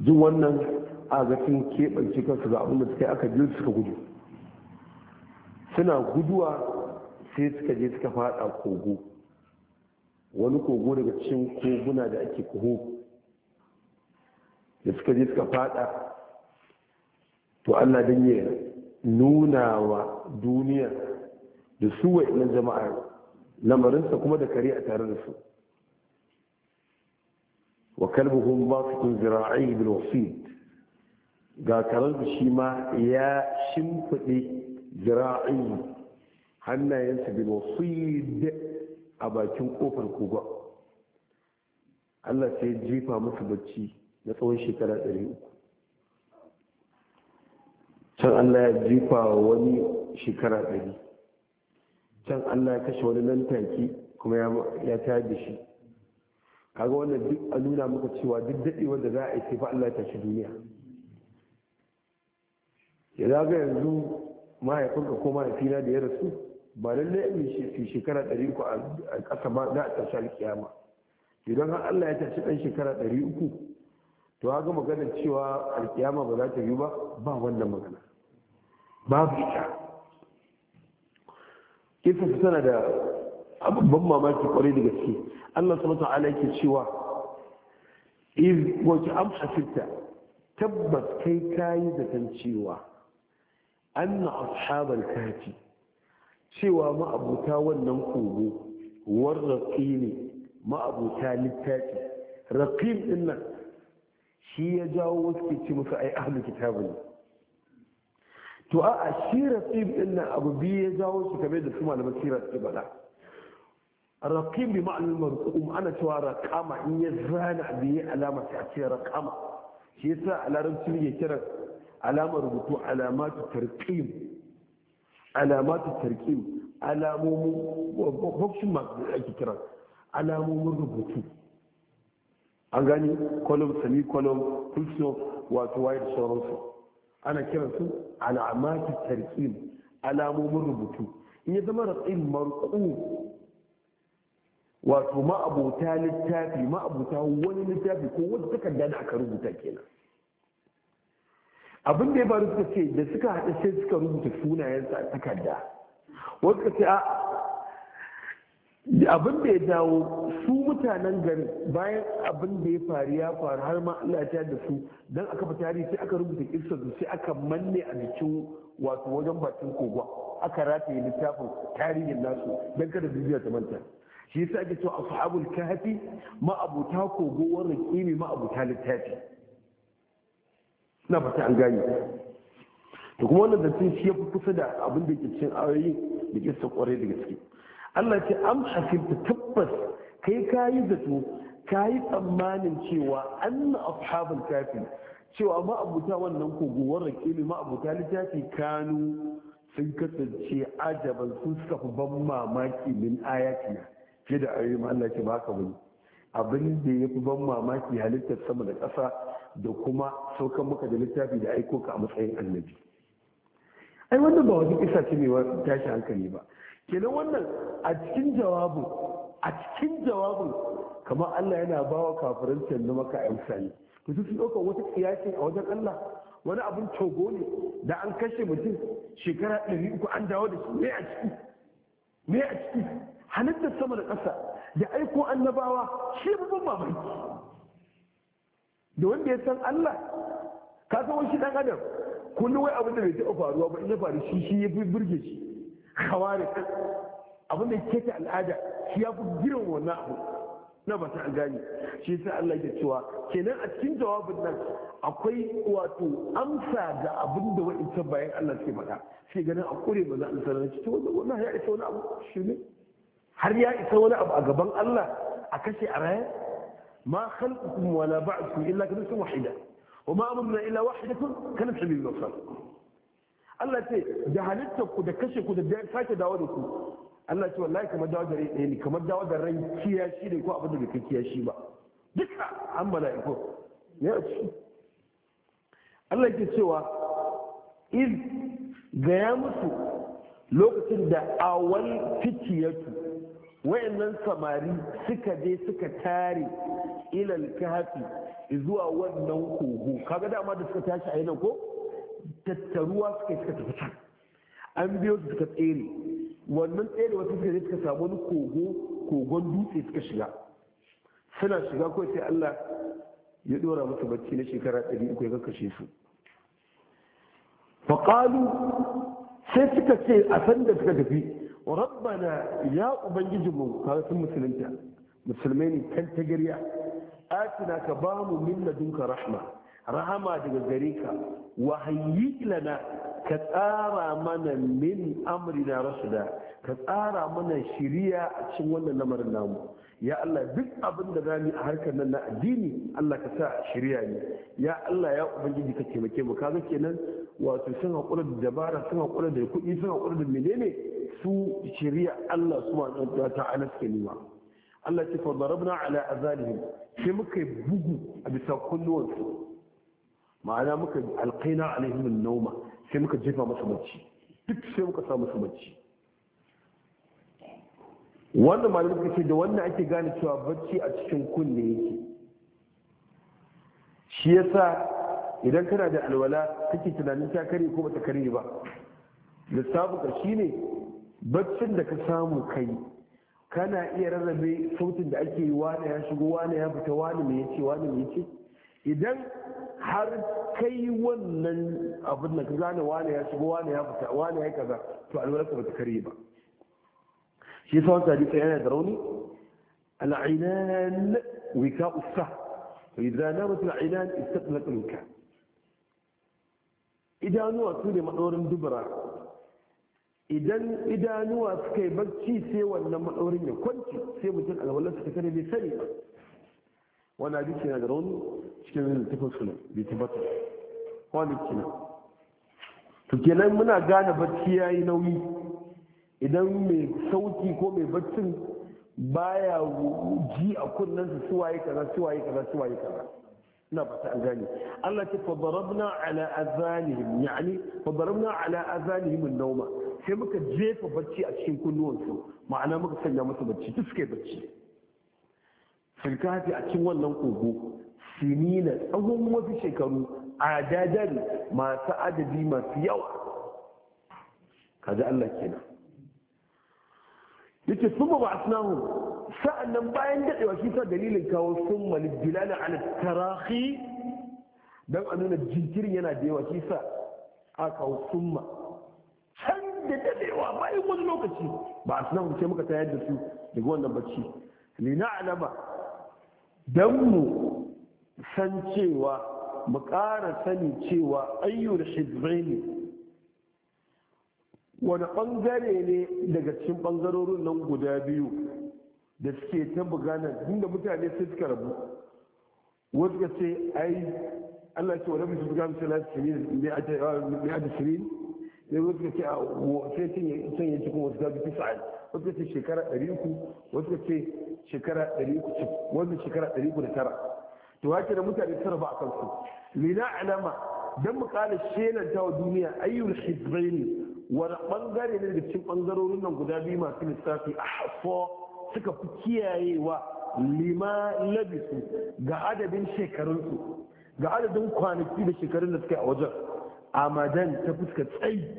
jin wannan a ga sun keɓance kansu ga abin da suka yi aka biyu suka gudu suna guduwa sai suka je suka faɗa kogo wani kogo daga cikin koguna da ake kuhu da suka je suka fada to allah don ya nuna wa duniya da su wa'inan jama'a lamarinsa kuma da kare a tare da su wa kalbuhum basitun zira'i bil wasid ga karansu shi ma ya shimfiɗe zira'i hannayensa bil wasid a bakin kofar kogon Allah sai jifa musu bacci na tsawon shekara 300 can Allah ya jifa wani shekara ɗari? can Allah ya kashe wani nan take kuma ya tayar da shi kaga wannan duk a nuna muka cewa duk daɗewar da za a yi Allah ya tashi duniya ya zaga yanzu mahaifinka ko mahaifina da ya rasu ba lallai in shekara ɗari uku a ƙasa ba za a tashi alkiyama idan har Allah ya tashi ɗan shekara ɗari uku to haka maganar cewa alkiyama ba za ta yi ba ba wannan magana babu ita kifin tana da abubban mamaki kwarai da gaske Allah subhanahu wa ala yake cewa iz wace tabbas kai kayi zaton cewa anna ashabal kafi cewa ma'abuta wannan kogo war ne ma'abuta littafi raqim ɗin nan shi ya jawo wasu ke ce musu ai ahlul kitabu ne to a shi raqim ɗin nan abu biyu ya jawo shi kamar da su malaman sirar su bada raqim bi ma'anar marqum ana cewa raqama in ya zana bi alama sai a ce raqama shi ya sa a larabci ne kiran alamar rubutu alamatu tarqim alamatu tarkin alamomin boxing mark da ake kira alamomin rubutu an gani kolom sami kolom pulso wato wayar sauransu ana kiransu alamatu tarkin alamomin rubutu in ya zama ratsin marku wato abota littafi abota wani littafi ko wata takarda da aka rubuta kenan abin da ya faru suka ce da suka haɗu sai suka rubuta sunayensa a takarda wasu ka ce a abin da ya dawo su mutanen gari. bayan abin da ya faru ya faru har ma Allah ya da su dan aka fita tarihi sai aka rubuta kissa su sai aka manne a jikin wato wajen bakin kogon aka rataye littafin tarihin nasu dan kada bibiya ta manta shi yasa ake cewa ashabul kahfi ma abuta kogo wa kimi ma abuta littafi na fata an gane Da kuma wannan zancen shi ya fi kusa da abin da ke cin ayoyi da ke sa kwarai da gaske. Allah ce am ta tabbas kai kayi zato ka yi tsammanin cewa na ashabul kafi cewa ma'abuta wannan kogo warrake ne ma'abuta littafi kanu sun kasance ajaban sun suka fi ban mamaki min ayatina fiye da ayoyi Allah ce ba haka bane abin da ya fi ban mamaki halittar sama da ƙasa da kuma saukan maka da littafi da aiko ka a matsayin annabi ai wannan ba wani isa ce mai tashi hankali ba kenan wannan a cikin jawabin a cikin jawabin kamar Allah yana ba wa kafirin canza maka a misali to su ɗaukar wata kiyasin a wajen Allah wani abin cogo ne da an kashe mutum shekara ɗari uku an dawo da shi me a ciki me a ciki halittar sama da ƙasa da aiko annabawa shi babban mamaki da wanda ya san Allah ka san wani dan adam kullum wai abin da bai taɓa faruwa ba in ya faru shi shi ya fi burge shi khawarik abin da yake ta al'ada shi ya fi girin wannan abu na ba ta gane shi sai Allah ya cewa kenan a cikin jawabin nan akwai wato amsa ga abin da wa'in bayan Allah suke faɗa sai ganin a kure ba za a sanar da shi to wannan ya isa wani abu shi ne har ya isa wani abu a gaban Allah a kashe a raya ma khalqukum wala ba'thukum illa ka nafsin wahida wa ma amruna illa wahidatun ka nafsin bil basar Allah ce da halittar ku da kashe ku da sake dawo da ku Allah ce wallahi kamar dawo da rai ɗaya ne kamar dawo da rai kiyashi ne ko abin da bai kiyashi ba duka an mala'iku ya ci Allah ke cewa iz gaya musu lokacin da awal fitiyatu wayannan samari suka je suka tare ilal kafi zuwa wannan kogo kaga dama da suka tashi a yanan ko tattaruwa suka suka tafi can an biyo su suka tsere wannan tsere wata suka je suka samu wani kogo kogon dutse suka shiga suna shiga kawai sai Allah ya dora musu bacci na shekara 300 ya kakkashe su faƙalu sai suka ce a san suka tafi rabbana ya ubangijinmu kaga sun musulunta musulmai ne kan ta atina ka ba mu min ladunka rahma rahama daga gare ka wahayyi lana ka tsara mana min amrina rasuda ka tsara mana shiriya a cikin wannan lamarin namu ya Allah duk abin da zamu a harkar nan na addini Allah ka sa shiriya ne ya Allah ya ubangiji ka taimake mu kaga kenan wato sun haƙura da dabara sun haƙura da kuɗi sun haƙura da menene su shirya Allah subhanahu ta ta'ala suke nima Allah ce fa darabna ala azanihim sai muka bugu a bisa kunnuwansu ma'ana muka alƙaina alaihim an nauma, sai muka jefa masa bacci duk sai muka sa masa bacci wannan malamin ce da wannan ake gane cewa bacci a cikin kunne yake shi yasa idan kana da alwala kake tunanin ta kare ko bata kare ba lissafin ka shine baccin da ka samu kai kana iya rarrabe sautin da ake yi wani ya shigo wani ya fita wani mai yace wani mai yace idan har kai wannan abin da ka gane wani ya shigo wani ya fita wani ya kaza to alwala ka bata kare ba shi yasa wannan hadisi yana da rauni al'inan wika ussa فإذا نامت العنان استقلت istaqlat idanuwa su ne maɗaurin dubura idan idanuwa suka yi barci sai wannan maɗaurin ya kwanci sai mutum alwalarsa ta kare bai sani ba wani abin na da rauni cikin tafi suna bai tabbata wani kina to kenan muna gane barci ya yi nauyi idan mai sauki ko mai barcin baya ji a kunnensa suwaye kaza suwaye kaza suwaye kaza ina ba ta an gane Allah ce fadarabna ala azanihim yani fadarabna ala azanihim an sai muka jefa bacci a cikin kunnuwansu ma'ana muka sanya musu bacci duk suke bacci filkafi a cikin wannan kogo sinina tsawon wasu shekaru adadan masu adadi masu yawa kaji Allah kenan yace summa sa'an nan bayan daɗewa shi sa dalilin kawo sun lidilal ala tarahi don a nuna jinkirin yana da yawa shi sa a kawo ma can da daɗewa bayan wani lokaci ba'athnahu sai muka tayar da su daga wannan bacci alama dan mu san cewa mu ƙara sani cewa ayyul ne. wani bangare ne daga cikin bangarorin nan guda biyu da suke ta bugana inda mutane sun suka rabu wasu ka ce ai Allah ce wani bisu bugan sai lati shirin ne a da shirin ne wasu ka ce a sai sun yi cikin wasu gabi sa'ad wasu ka ce shekara ɗari uku wasu ka ce shekara ɗari uku wasu shekara ɗari uku da tara to haka da mutane sun rabu a kansu lina alama don mu kala shelanta wa duniya ayyul hizbaini wani bangare ne da cikin bangarorin nan guda biyu masu lissafi a hafo suka fi kiyayewa lima labisu ga adadin shekarunsu ga adadin kwanaki da shekarun da suka a wajen amadan ta fuska tsayi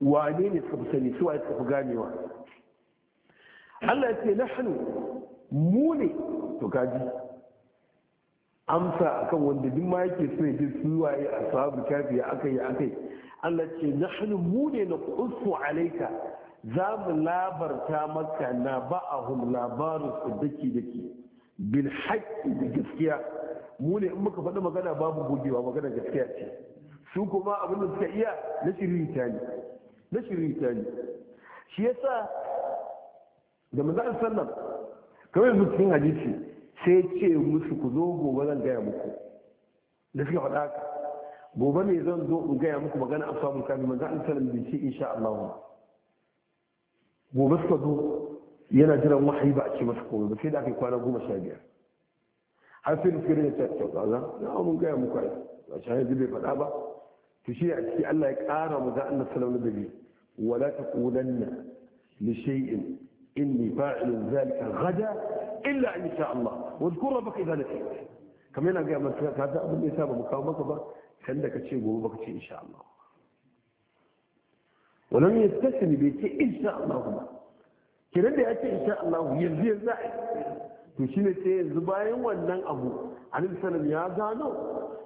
wane ne suka fi sani su waye suka fi ganewa Allah ya ce hannu mu ne to gaji amsa akan wanda duk ma yake so ya ji su waye ashabu kafi akai akai Allah ce na hannu mu ne na kusu alaika za mu labarta maka na ba a ba'ahum labarin su daki daki bil haqqi da gaskiya mu ne in muka faɗi magana babu gogewa magana gaskiya ce su kuma abin da suka iya na shiririta ne na shiririta ne shi yasa da manzo sallam kamar yanzu cikin hadisi sai ce musu ku zo gobe zan gaya muku da suka faɗa haka gobe ne zan zo in gaya muku magana a samu kafin manzo Allah sallallahu alaihi wasallam insha Allah gobe suka zo yana jiran wahayi ba a ce masa komai ba sai da aka kwana goma sha biyar har sai suka rinka ta ta za na mun gaya muku ai a shahidi bai faɗa ba to shi a ciki Allah ya ƙara mu ga Allah sallallahu alaihi wasallam wala taqulanna li shay'in inni fa'ilun zalika ghada illa in sha Allah wa dhkur rabbaka idha nasiit kamar yana ga masa kaza abin da ya saba mu kawo maka ba da ka ce gobe baka ce insha Allah wannan ya ne bai ce insha Allah ba kiran da ya ce insha Allah yanzu yanzu a to shine sai yanzu bayan wannan abu annabi sallallahu ya gano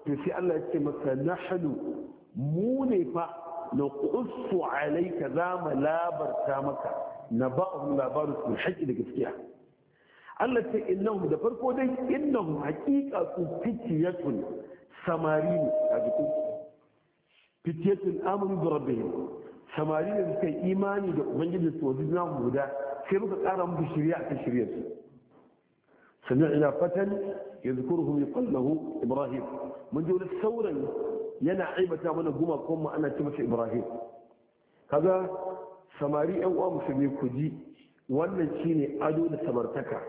to sai Allah ya ce masa nahnu mu ne fa na naqussu alayka za mu labarta maka na ba'u labaru su haƙi da gaskiya Allah ce innahum da farko dai innahum haƙiƙa su fitiyatun samari ne a jikin fitiyatun amin da samari ne suka yi imani da ubangijin su wajen na guda sai muka kara muku shirya a shirya su sannan ina fatan ya zukurhu ya kwallahu ibrahim mun ji wani sauran yana aibata mana gumakon mu ana ce masa ibrahim kaga samari yan uwa musulmi ku ji wannan shine ado da samartaka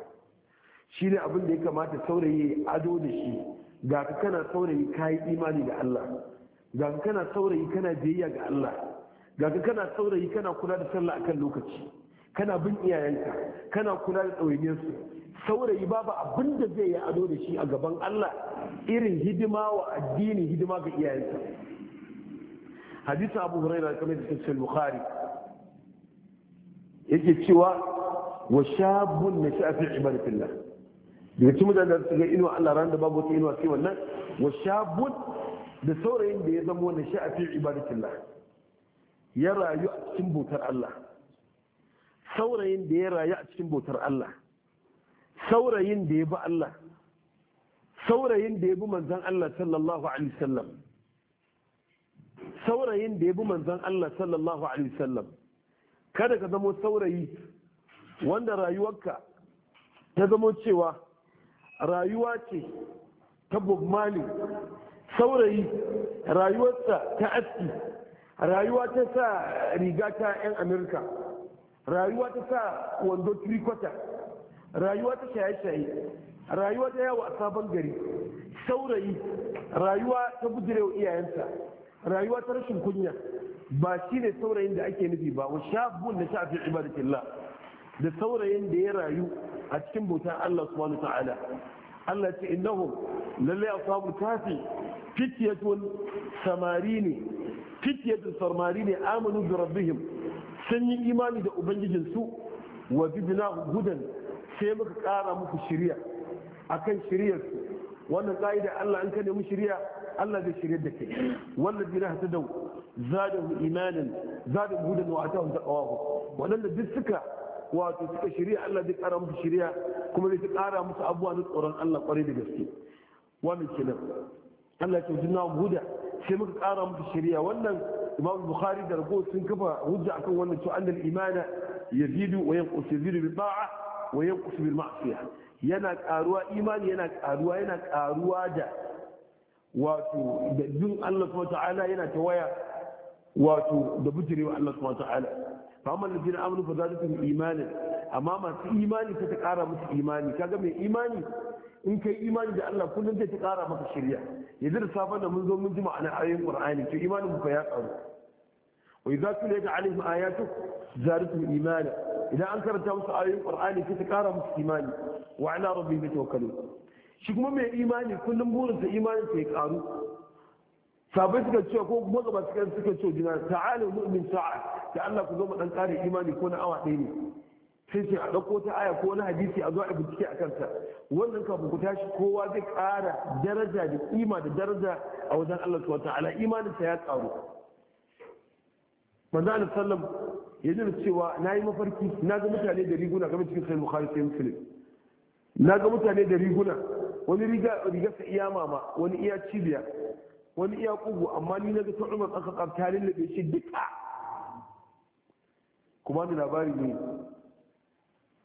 shine abin da ya kamata saurayi ado da shi ga ka kana saurayi kayi imani ga Allah ga ka kana saurayi kana biyayya ga Allah ga ka kana saurayi kana kula da sallah akan lokaci kana bin iyayenka kana kula da ɗawainiyarsu saurayi babu abin da zai yi ado da shi a gaban Allah irin hidima wa addini hidima ga iyayensa hadisin abu huraira kamar da tafsir bukhari yake cewa wa shabun nasha'a fi ibadatillah daga cikin mutane da suka inuwa Allah ran da babu wata inuwa sai wannan wa shabun da saurayin da ya zama wannan a fi ibadatillah ya rayu a cikin bautar Allah saurayin da ya rayu a cikin bautar Allah saurayin da ya bi Allah saurayin da ya bi manzon Allah sallallahu alaihi wasallam saurayin da ya bi manzon Allah sallallahu alaihi wasallam kada ka zama saurayi wanda rayuwarka ta zama cewa rayuwa ce ta bob mali saurayi rayuwarsa ta aski rayuwa ta sa riga ta 'yan amurka rayuwa ta sa wando tricota rayuwa ta shaye-shaye rayuwa ta yawo a sabon gari saurayi rayuwa ta bujirewa iyayensa rayuwa ta rashin kunya ba shi ne saurayin da ake nufi ba wa shabun na shafi ibadatillah da saurayin da ya rayu a cikin bautan Allah subhanahu ta'ala Allah ce innahum lalle ashabu kafi fityatun samari ne fityatun samari ne amanu bi rabbihim sun yi imani da ubangijin su wa bidna hudan sai muka kara muku shiriya akan shiriyar su wannan ka'ida Allah an ka nemi shiriya Allah zai shirye da kai wannan jira ta dau zadahu imanan zadahu hudan wa atahum taqwahu wannan da duk suka wato suka shirya Allah zai kara musu shirya kuma zai kara musu abubuwa na tsoron Allah kwarai da gaske wannan kenan Allah ya tunna huda sai muka kara musu shirya wannan Imam Bukhari da Rago sun kafa hujja akan wannan to annal imana yazidu wa yanqus yazidu bi ta'a wa yanqus bil ma'siyah yana karuwa imani yana karuwa yana karuwa da wato da jin Allah subhanahu wa ta'ala yana tawaya wato da bujirewa Allah subhanahu wa ta'ala famar da jina fa za su imanin amma masu imani ta ta musu imani kaga mai imani in kai imani da Allah kullum zai ta kara maka shirya yanzu da safar da mun zo mun ji ma'anar ayoyin Qur'ani to imanin mu fa ya ƙaru wa idza tuliyat alaihim ayatu zaratuhum imani idan an karanta musu ayoyin Qur'ani sai ta kara musu imani wa ala rabbihim tawakkalu shi kuma mai imani kullum sa imanin sa ya karu. sabai suka cewa ko kuma gaba suka suka ce jina ta'alu mu'min sa'a da Allah ku zo mu dan kare imani ko na awa ɗaya ne sai ce a dauko ta aya ko na hadisi a zo a bincike a kanta wannan kafin ku tashi kowa zai ƙara daraja da imani da daraja a wajen Allah subhanahu ta'ala imanin sa ya ƙaru manzo Allah sallam yana cewa na yi mafarki na ga mutane da riguna kamar cikin sai bukhari sai muslim na ga mutane da riguna wani riga riga sa iya mama wani iya cibiya wani iya kugu amma ni na ga ta umar tsaka da lullube shi duka kuma da labari ne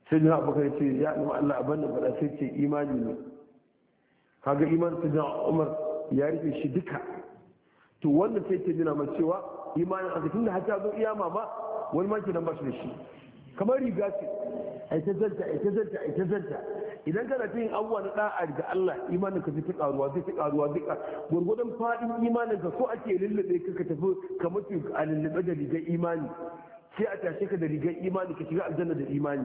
sai jina abokan ce ya alama allah abin da bada sai ce imani ne kaga imanin sai jina umar ya rufe shi duka to wanda sai ce jina mai cewa imanin a cikin da hata zo iyama ba wani maki nan ba shi da shi kamar riga ce a ita zanta a ita zanta a ita zanta idan kana cin abubuwa na da'a ga Allah imaninka ka zai ta karuwa zai ta karuwa zai ka gurgurdan fadin imaninka ka so ake lullube ka ka tafi ka mutu a lullube da rigar imani sai a tashi ka da rigar imani ka shiga aljanna da imani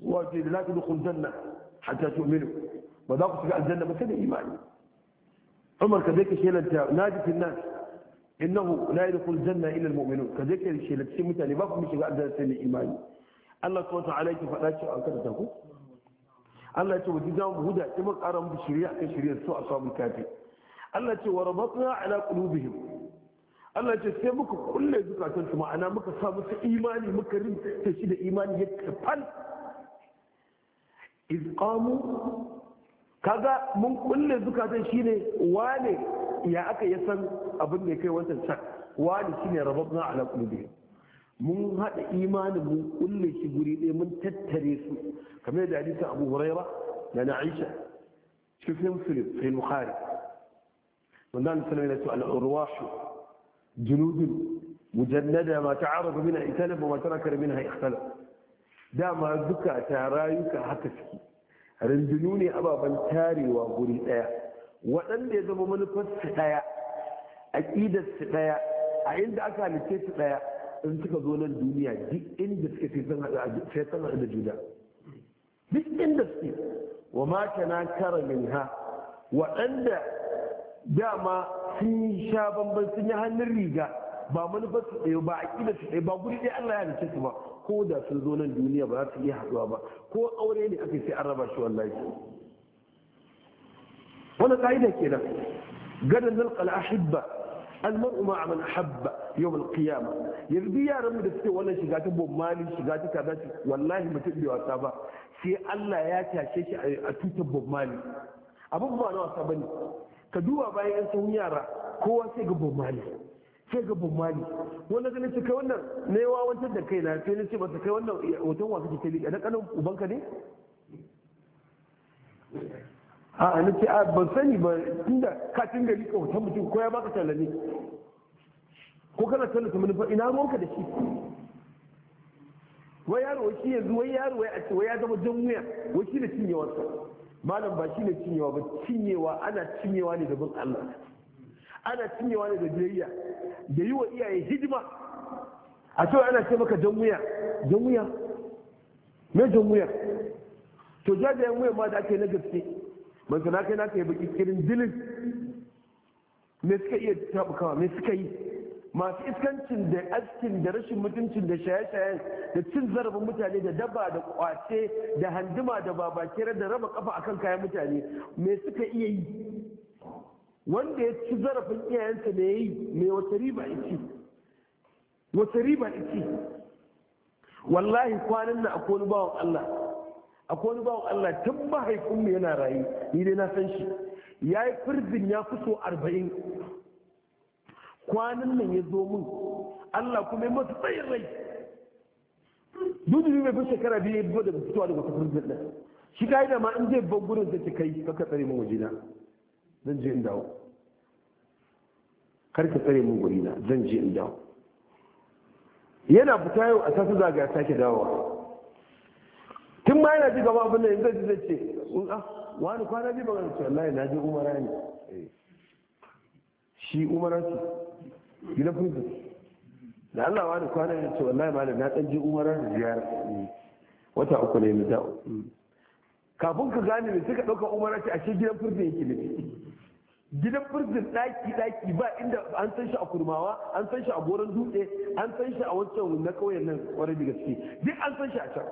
wato da zaka dukun janna hatta tu'minu ba za ku shiga aljanna ba sai da imani umar ka zai ka shelanta najitin nas innahu la yadkhul janna illa almu'minun ka zai ka shelanta mutane ba ku shiga aljanna sai da imani Allah subhanahu wa ta'ala yake faɗa cewa an karanta ku Allah ce wajen jawo huda ki mun ƙara mu shirya kan shirya su a samun kafi Allah ce wa rabatna ala qulubihim Allah ce sai muka kulle zukatan su ma'ana muka sa musu imani muka rinta shi da imani ya kafan iz qamu kaga mun kulle zukatan shine wane ya aka yasan abin da kai wancan can wani shine rabatna ala qulubihim mun haɗa imanin mun kulle shi guri ɗaya mun tattare su kamar da hadisin abu huraira da na aisha cikin filin sai bukhari wanda an sanar da su al'urwashu junudun mujannada ma ta'arafu min iktalaf wa ma taraka min iktalaf dama duka ta rayuka haka suke rundunu ne ababen tarewa guri ɗaya waɗanda ya zama manufar manufarsu ɗaya su ɗaya a inda aka halice su ɗaya in suka zo nan duniya duk inda suke sai sun haɗu da juna duk inda suke wa ma kana kara ha waɗanda dama sun sha bambam sun yi hannun riga ba manufar su ɗaya ba ƙila su ɗaya ba guri ɗaya Allah ya halice su ba ko da sun zo nan duniya ba za su iya haɗuwa ba ko aure ne aka sai an raba shi wallahi wannan ka'ida kenan gadan zalqal ahibba almar'u ma'a man habba yawmal qiyama yanzu yaran mu da suke wannan shiga ta bommali shiga ta kaza wallahi mutum bai wasa ba sai Allah ya tashe shi a tutar bommali abin ba na wasa bane ka duba bayan yan sun yara kowa sai ga bommali sai ga bommali wanda ganin su kai wannan na yawa wancan da kai na sai na ce ba masa kai wannan hoton wasu ke kai na kanan ubanka ne a na ce a ban sani ba inda ka tinga rika ta mutum ko ya baka talale ko kana tallata manufa ina ruwanka da shi wai yaro shi yanzu wai yaro wai a ce wai ya zama jan wuya wai shi ne cinyewarsa malam ba shi ne cinyewa ba cinyewa ana cinyewa ne da bin Allah ana cinyewa ne da biyayya da yi wa iyaye hidima a cewa ana ce maka jan wuya jan wuya me jan wuya to jajayen wuya ma da ake na gaske ban sana kai na yi baki kirin dilin me suka iya tabukawa me suka yi masu iskancin da askin da rashin mutuncin da shaye-shayen da cin zarafin mutane da daba da kwace da handuma da babakira da raba kafa akan kayan mutane me suka iya yi wanda ya ci zarafin iyayensa da ya yi mai wata riba ici wata riba ici wallahi kwanan na akwai bawan Allah akwai wani bawan Allah tun mahaifinmu yana rayu ni dai na san shi ya yi firbin ya fi so arba'in kwanan nan ya zo min Allah kuma ya masu tsayin rai dudu mai fi shekara biyu ya da fitowa daga wata firzin ɗin shi ka yi da ma in je ban gurin zai kai ka tsare min wajena zan je in dawo kar ka tsare min gurina zan je in dawo yana fita yau a sasu zagaya sake dawowa tun ma yana ji gaba abin da yanzu zai zai ce ah, wani kwana ji ban ce wallahi na ji umara ne eh. shi umara su gida prison da Allah wani kwana ya ce wallahi malam na dan ji umara da ziyara eh. wata uku ne mu dawo hmm. kafin ka gane ne suka dauka umara ce cikin gidan ya yake ne gidan prison daki daki ba inda an san shi a kurmawa an san shi a goron dutse an san shi a wancan na kauyen nan kwarai da gaske duk an san shi a can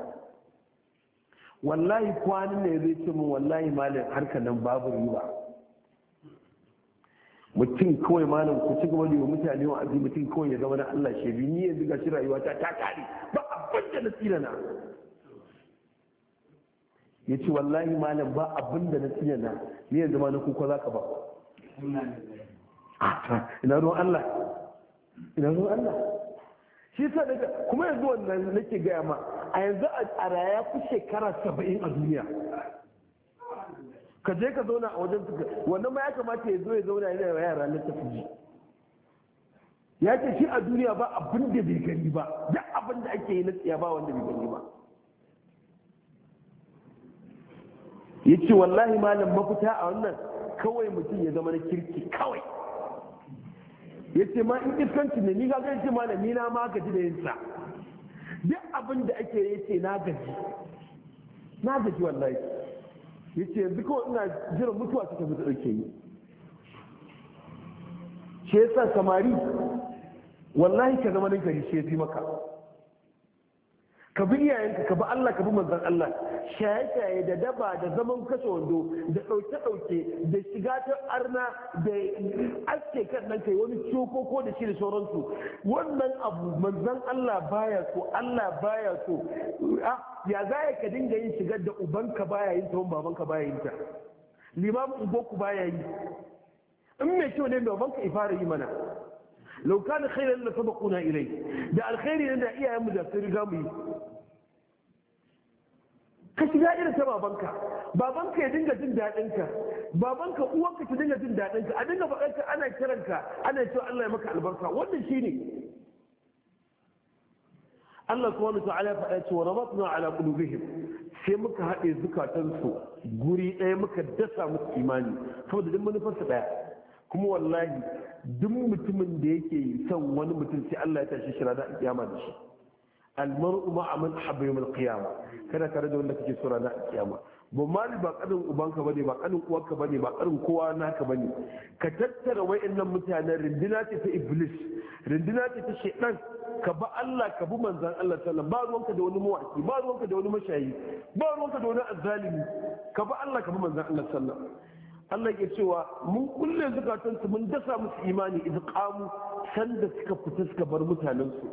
wallahi kwanin ne zai ce min wallahi malam harka nan babu riba mutum kawai malam ku ci gaba da mutane wa azi mutum kawai ya zama na Allah shi bi ni yanzu gashi rayuwa ta ta kare ba abin da na tsira na ya ci wallahi malam ba abin da na tsira na ni yanzu ma na kuka za ka ba ah, ah, ina ruwan Allah ina ruwan Allah shi sa daga kuma yanzu wannan nake gaya ma a yanzu a raya ku shekara saba'in a duniya ka je ka zauna a wajen suka wannan ma ya kamata ya zo ya zauna yana yara na tafi ya ce shi a duniya ba abin da bai gani ba duk abin da ake yi na tsiya ba wanda bai gani ba ya ce wallahi malam mafita a wannan kawai mutum ya zama na kirki kawai ya ce ma in iskanci ne ni gaga ce ma ni na ma gaji da yinsa duk abin da ake ya ce na gaji na gaji wallahi ya ce yanzu kawai ina jiran mutuwa suka mutu ɗauke yi shi yasa samari wallahi ka zama nan gari shi ya fi maka ka bi iyayenka ka bi Allah ka bi manzon Allah shaye-shaye da daba da zaman kashe wando da ɗauke-ɗauke da shiga ta arna da aske kan nan kai wani soko ko da shi da sauransu wannan abu manzon Allah baya so Allah baya so ah, ya za ka dinga yin shigar da ubanka baya yin ta wani babanka baya yin ta limamin ku baya yi in mai kyau ne babanka ifara yi mana lauka da khairar da saba kuna irai da alkhairi ne da iyayenmu da sun riga mu yi ka shiga irin ta babanka babanka ya dinga jin daɗinka babanka uwanka ta dinga jin daɗinka a dinga faɗanka ana kiranka ana cewa Allah ya maka albarka wannan shine Allah subhanahu wa ta'ala faɗa cewa rabatna ala qulubihim sai muka haɗe zukatansu guri ɗaya muka dasa musu imani saboda duk manufarsa ɗaya kuma wallahi duk mutumin da yake son wani mutum sai Allah ya tashi shi ranar kiyama da shi almar'u ma'a man habba yawmal qiyama kada ka rage wanda kake so ranar kiyama ba mali ba kanin ubanka bane ba kanin uwarka bane ba ƙarin kowa naka bane ka tattara wayannan mutanen rindina ce ta iblis rindina ce ta shaitan ka ba Allah ka bi manzan Allah sallallahu ba ruwanka da wani mawaki ba ruwanka da wani mashayi ba ruwanka da wani azzalimi ka ba Allah ka bi manzan Allah sallallahu Allah ke cewa mun kulle zukatansu mun dasa musu imani idan kamu sanda suka fita suka bar mutanensu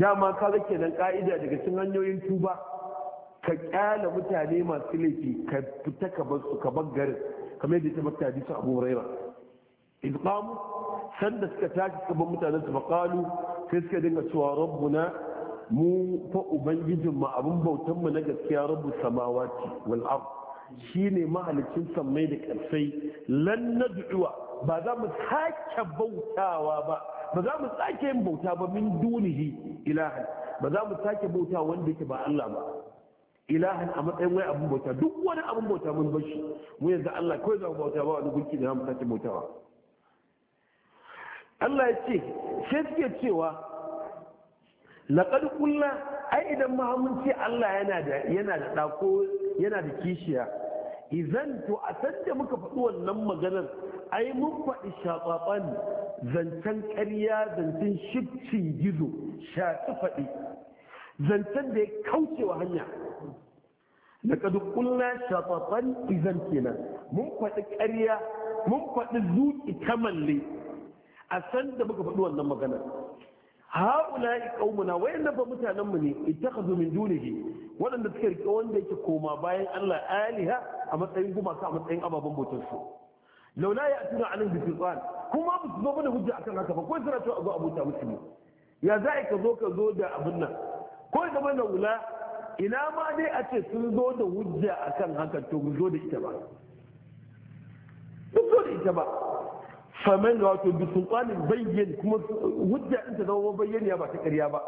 dama ka zake nan ka'ida daga cikin hanyoyin tuba ka kyala mutane masu laifi ka fita ka bar su ka bar garin kamar yadda ta mata hadisin Abu Hurairah idan kamu sanda suka tashi suka bar mutanensu faqalu sai suka dinga cewa rabbuna mu fa ubangijinmu abin bautanmu na gaskiya rabbu samawati wal ardh shine mahalicin sammai da ƙarfai lan nad'uwa ba za mu sake bautawa ba ba za mu sake yin bauta ba min dunihi ilahan ba za mu sake bauta wanda yake ba Allah ba ilahan a matsayin wai abin bauta duk wani abin bauta mun bar shi mu yanzu Allah kai za mu bauta ba wani gunki da za mu sake bautawa Allah ya ce sai suke cewa laƙar kulla ai idan mahammanci Allah yana da yana da ɗako yana da kishiya izan to a san da muka faɗi wannan maganar ai mun faɗi shafafan zancen ƙarya zancen shifcin gizo shafi faɗi zancen da ya kauce wa hanya da ƙadukulla shafafan izan kenan mun faɗi ƙarya mun faɗi zuƙi kamalle a san da muka faɗi wannan maganar haula'i qaumuna wayannan fa dafa mu ne ittakhadhu min dunihi wadanda suka rike wanda yake koma bayan Allah aliha a matsayin gumaka a matsayin ababen bautar su laula ya'tuna anan bi sultan kuma ba su zo mana hujja akan haka ba ko suna cewa zo abuta musulmi ya za'i ka zo ka zo da abin nan ko da mana wula ina ma dai a ce sun zo da hujja akan haka to mu zo da ita ba zo da ita ba faman wato bi sultanin bayyin kuma hujja din ta zama bayyaniya ba ta ƙarya ba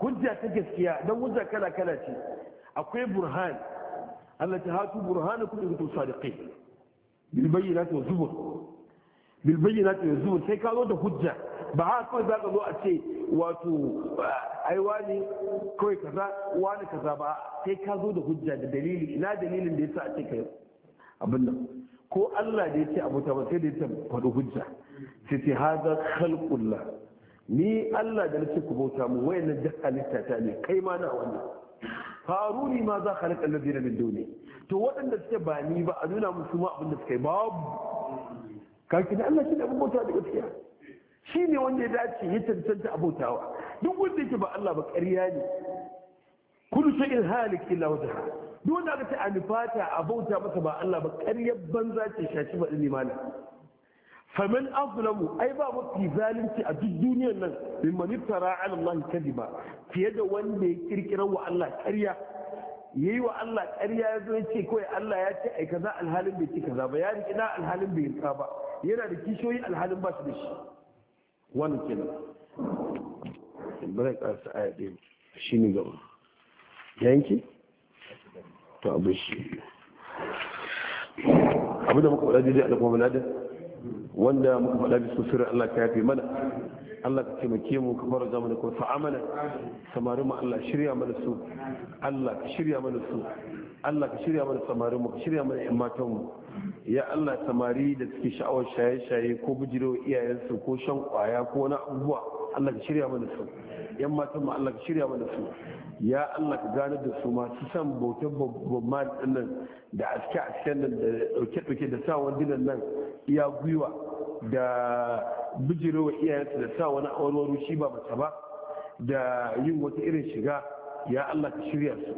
hujja ta gaskiya don hujja kala kala ce akwai burhan Allah ta hatu burhanakum in kuntum sadiqin bil bayyinati wa zubur bil bayyinati wa zubur sai ka zo da hujja ba haka kawai za ka zo a ce wato ai wani kawai kaza wani kaza ba sai ka zo da hujja da dalili ina dalilin da yasa a ce kai abin nan ko Allah da ya abu ta da ta faɗi hujja sai ce haza kalƙulla. ni Allah da nake ku bauta mu wayannan da halitta ta ne kai ma na wannan faruni ma za khalaqa alladhina min duni to waɗanda suke ba ni ba a nuna musu ma abin da suke babu kaki da Allah shi da abota da gaskiya shi ne wanda ya dace ya tantance abotawa duk wanda yake ba Allah ba ƙarya ne kullu shay'in halik illa wajha duk da ta alfata a bauta masa ba Allah ba ƙaryar banza ce shaci ba ne mana famin azlamu ai ba mafi zalunci a duk duniyar nan mimman iftara ala Allah kadiba fiye da wanda ya kirkira wa Allah ƙarya yayi wa Allah ƙarya ya zo ya ce kawai Allah ya ce ai kaza alhalin bai ci kaza ba ya riki na alhalin bai rika ba yana da kishoyi alhalin ba shi da shi wannan kenan bari ka sa aya shi shine gaba yanki ta abin shi abin da muka faɗa daidai a kuma da wanda muka faɗa bisu sirrin Allah ka yafe mana Allah ka taimake mu ka fara zama ko kuma amana samari mu Allah shirya mana su Allah ka shirya mana su Allah ka shirya mana samari mu ka shirya mana yan matan mu ya Allah samari da suke sha'awar shaye-shaye ko bijiro iyayensu ko shan kwaya ko wani abubuwa Allah ka shirya mana su yan matan mu Allah ka shirya mana su ya Allah ka gane da su masu san bautar babban nan da aske asken nan da dauke dauke da sa wandunan nan iya gwiwa da iyayen iyayensu da sa wani awarwaro shi ba mace ba da yin wata irin shiga ya Allah ka shirya su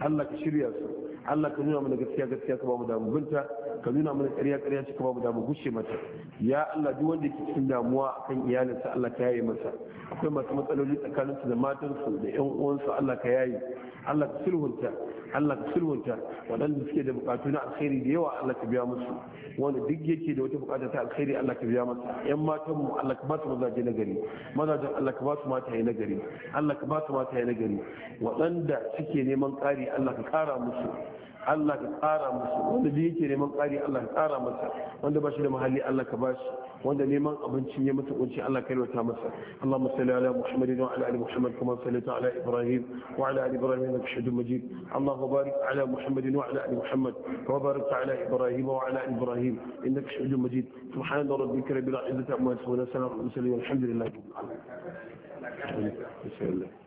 Allah ka shirya su Allah ka nuna mana gaskiya gaskiya ka ba mu damu binta ka nuna mana ƙarya ƙarya ka ba mu damu gushe mata ya Allah duk wanda ke cikin damuwa akan iyalinsa Allah ka yaye masa akwai masu matsaloli tsakaninsu da matansu da ƴan su Allah ka yaye Allah ka sulhunta Allah ka sulhunta waɗanda suke da bukatu na alkhairi da yawa Allah ka biya musu wanda duk yake da wata bukata ta alkhairi Allah ka biya masa ƴan matan mu Allah ka ba su mazaje na gari mazajen Allah ka ba su mataye na gari Allah ka ba su mataye na gari waɗanda suke neman ƙari Allah ka ƙara musu Allah ka tsara musu wanda da yake neman tsari Allah ka tsara masa wanda ba shi da mahalli Allah ka bashi wanda neman abincin ya mata kunci Allah ka yalwata masa Allah salli ala Muhammadin wa ala ali Muhammad kuma sallaita ala Ibrahim wa ala ali Ibrahim innaka Hamidum Majid Allahumma barik ala Muhammadin wa ala ali Muhammad kama barakta ala Ibrahim wa ala ali Ibrahim innaka Hamidum Majid subhana rabbika rabbil izzati amma yasifun salamun ala al-mursalin wa rabbil alamin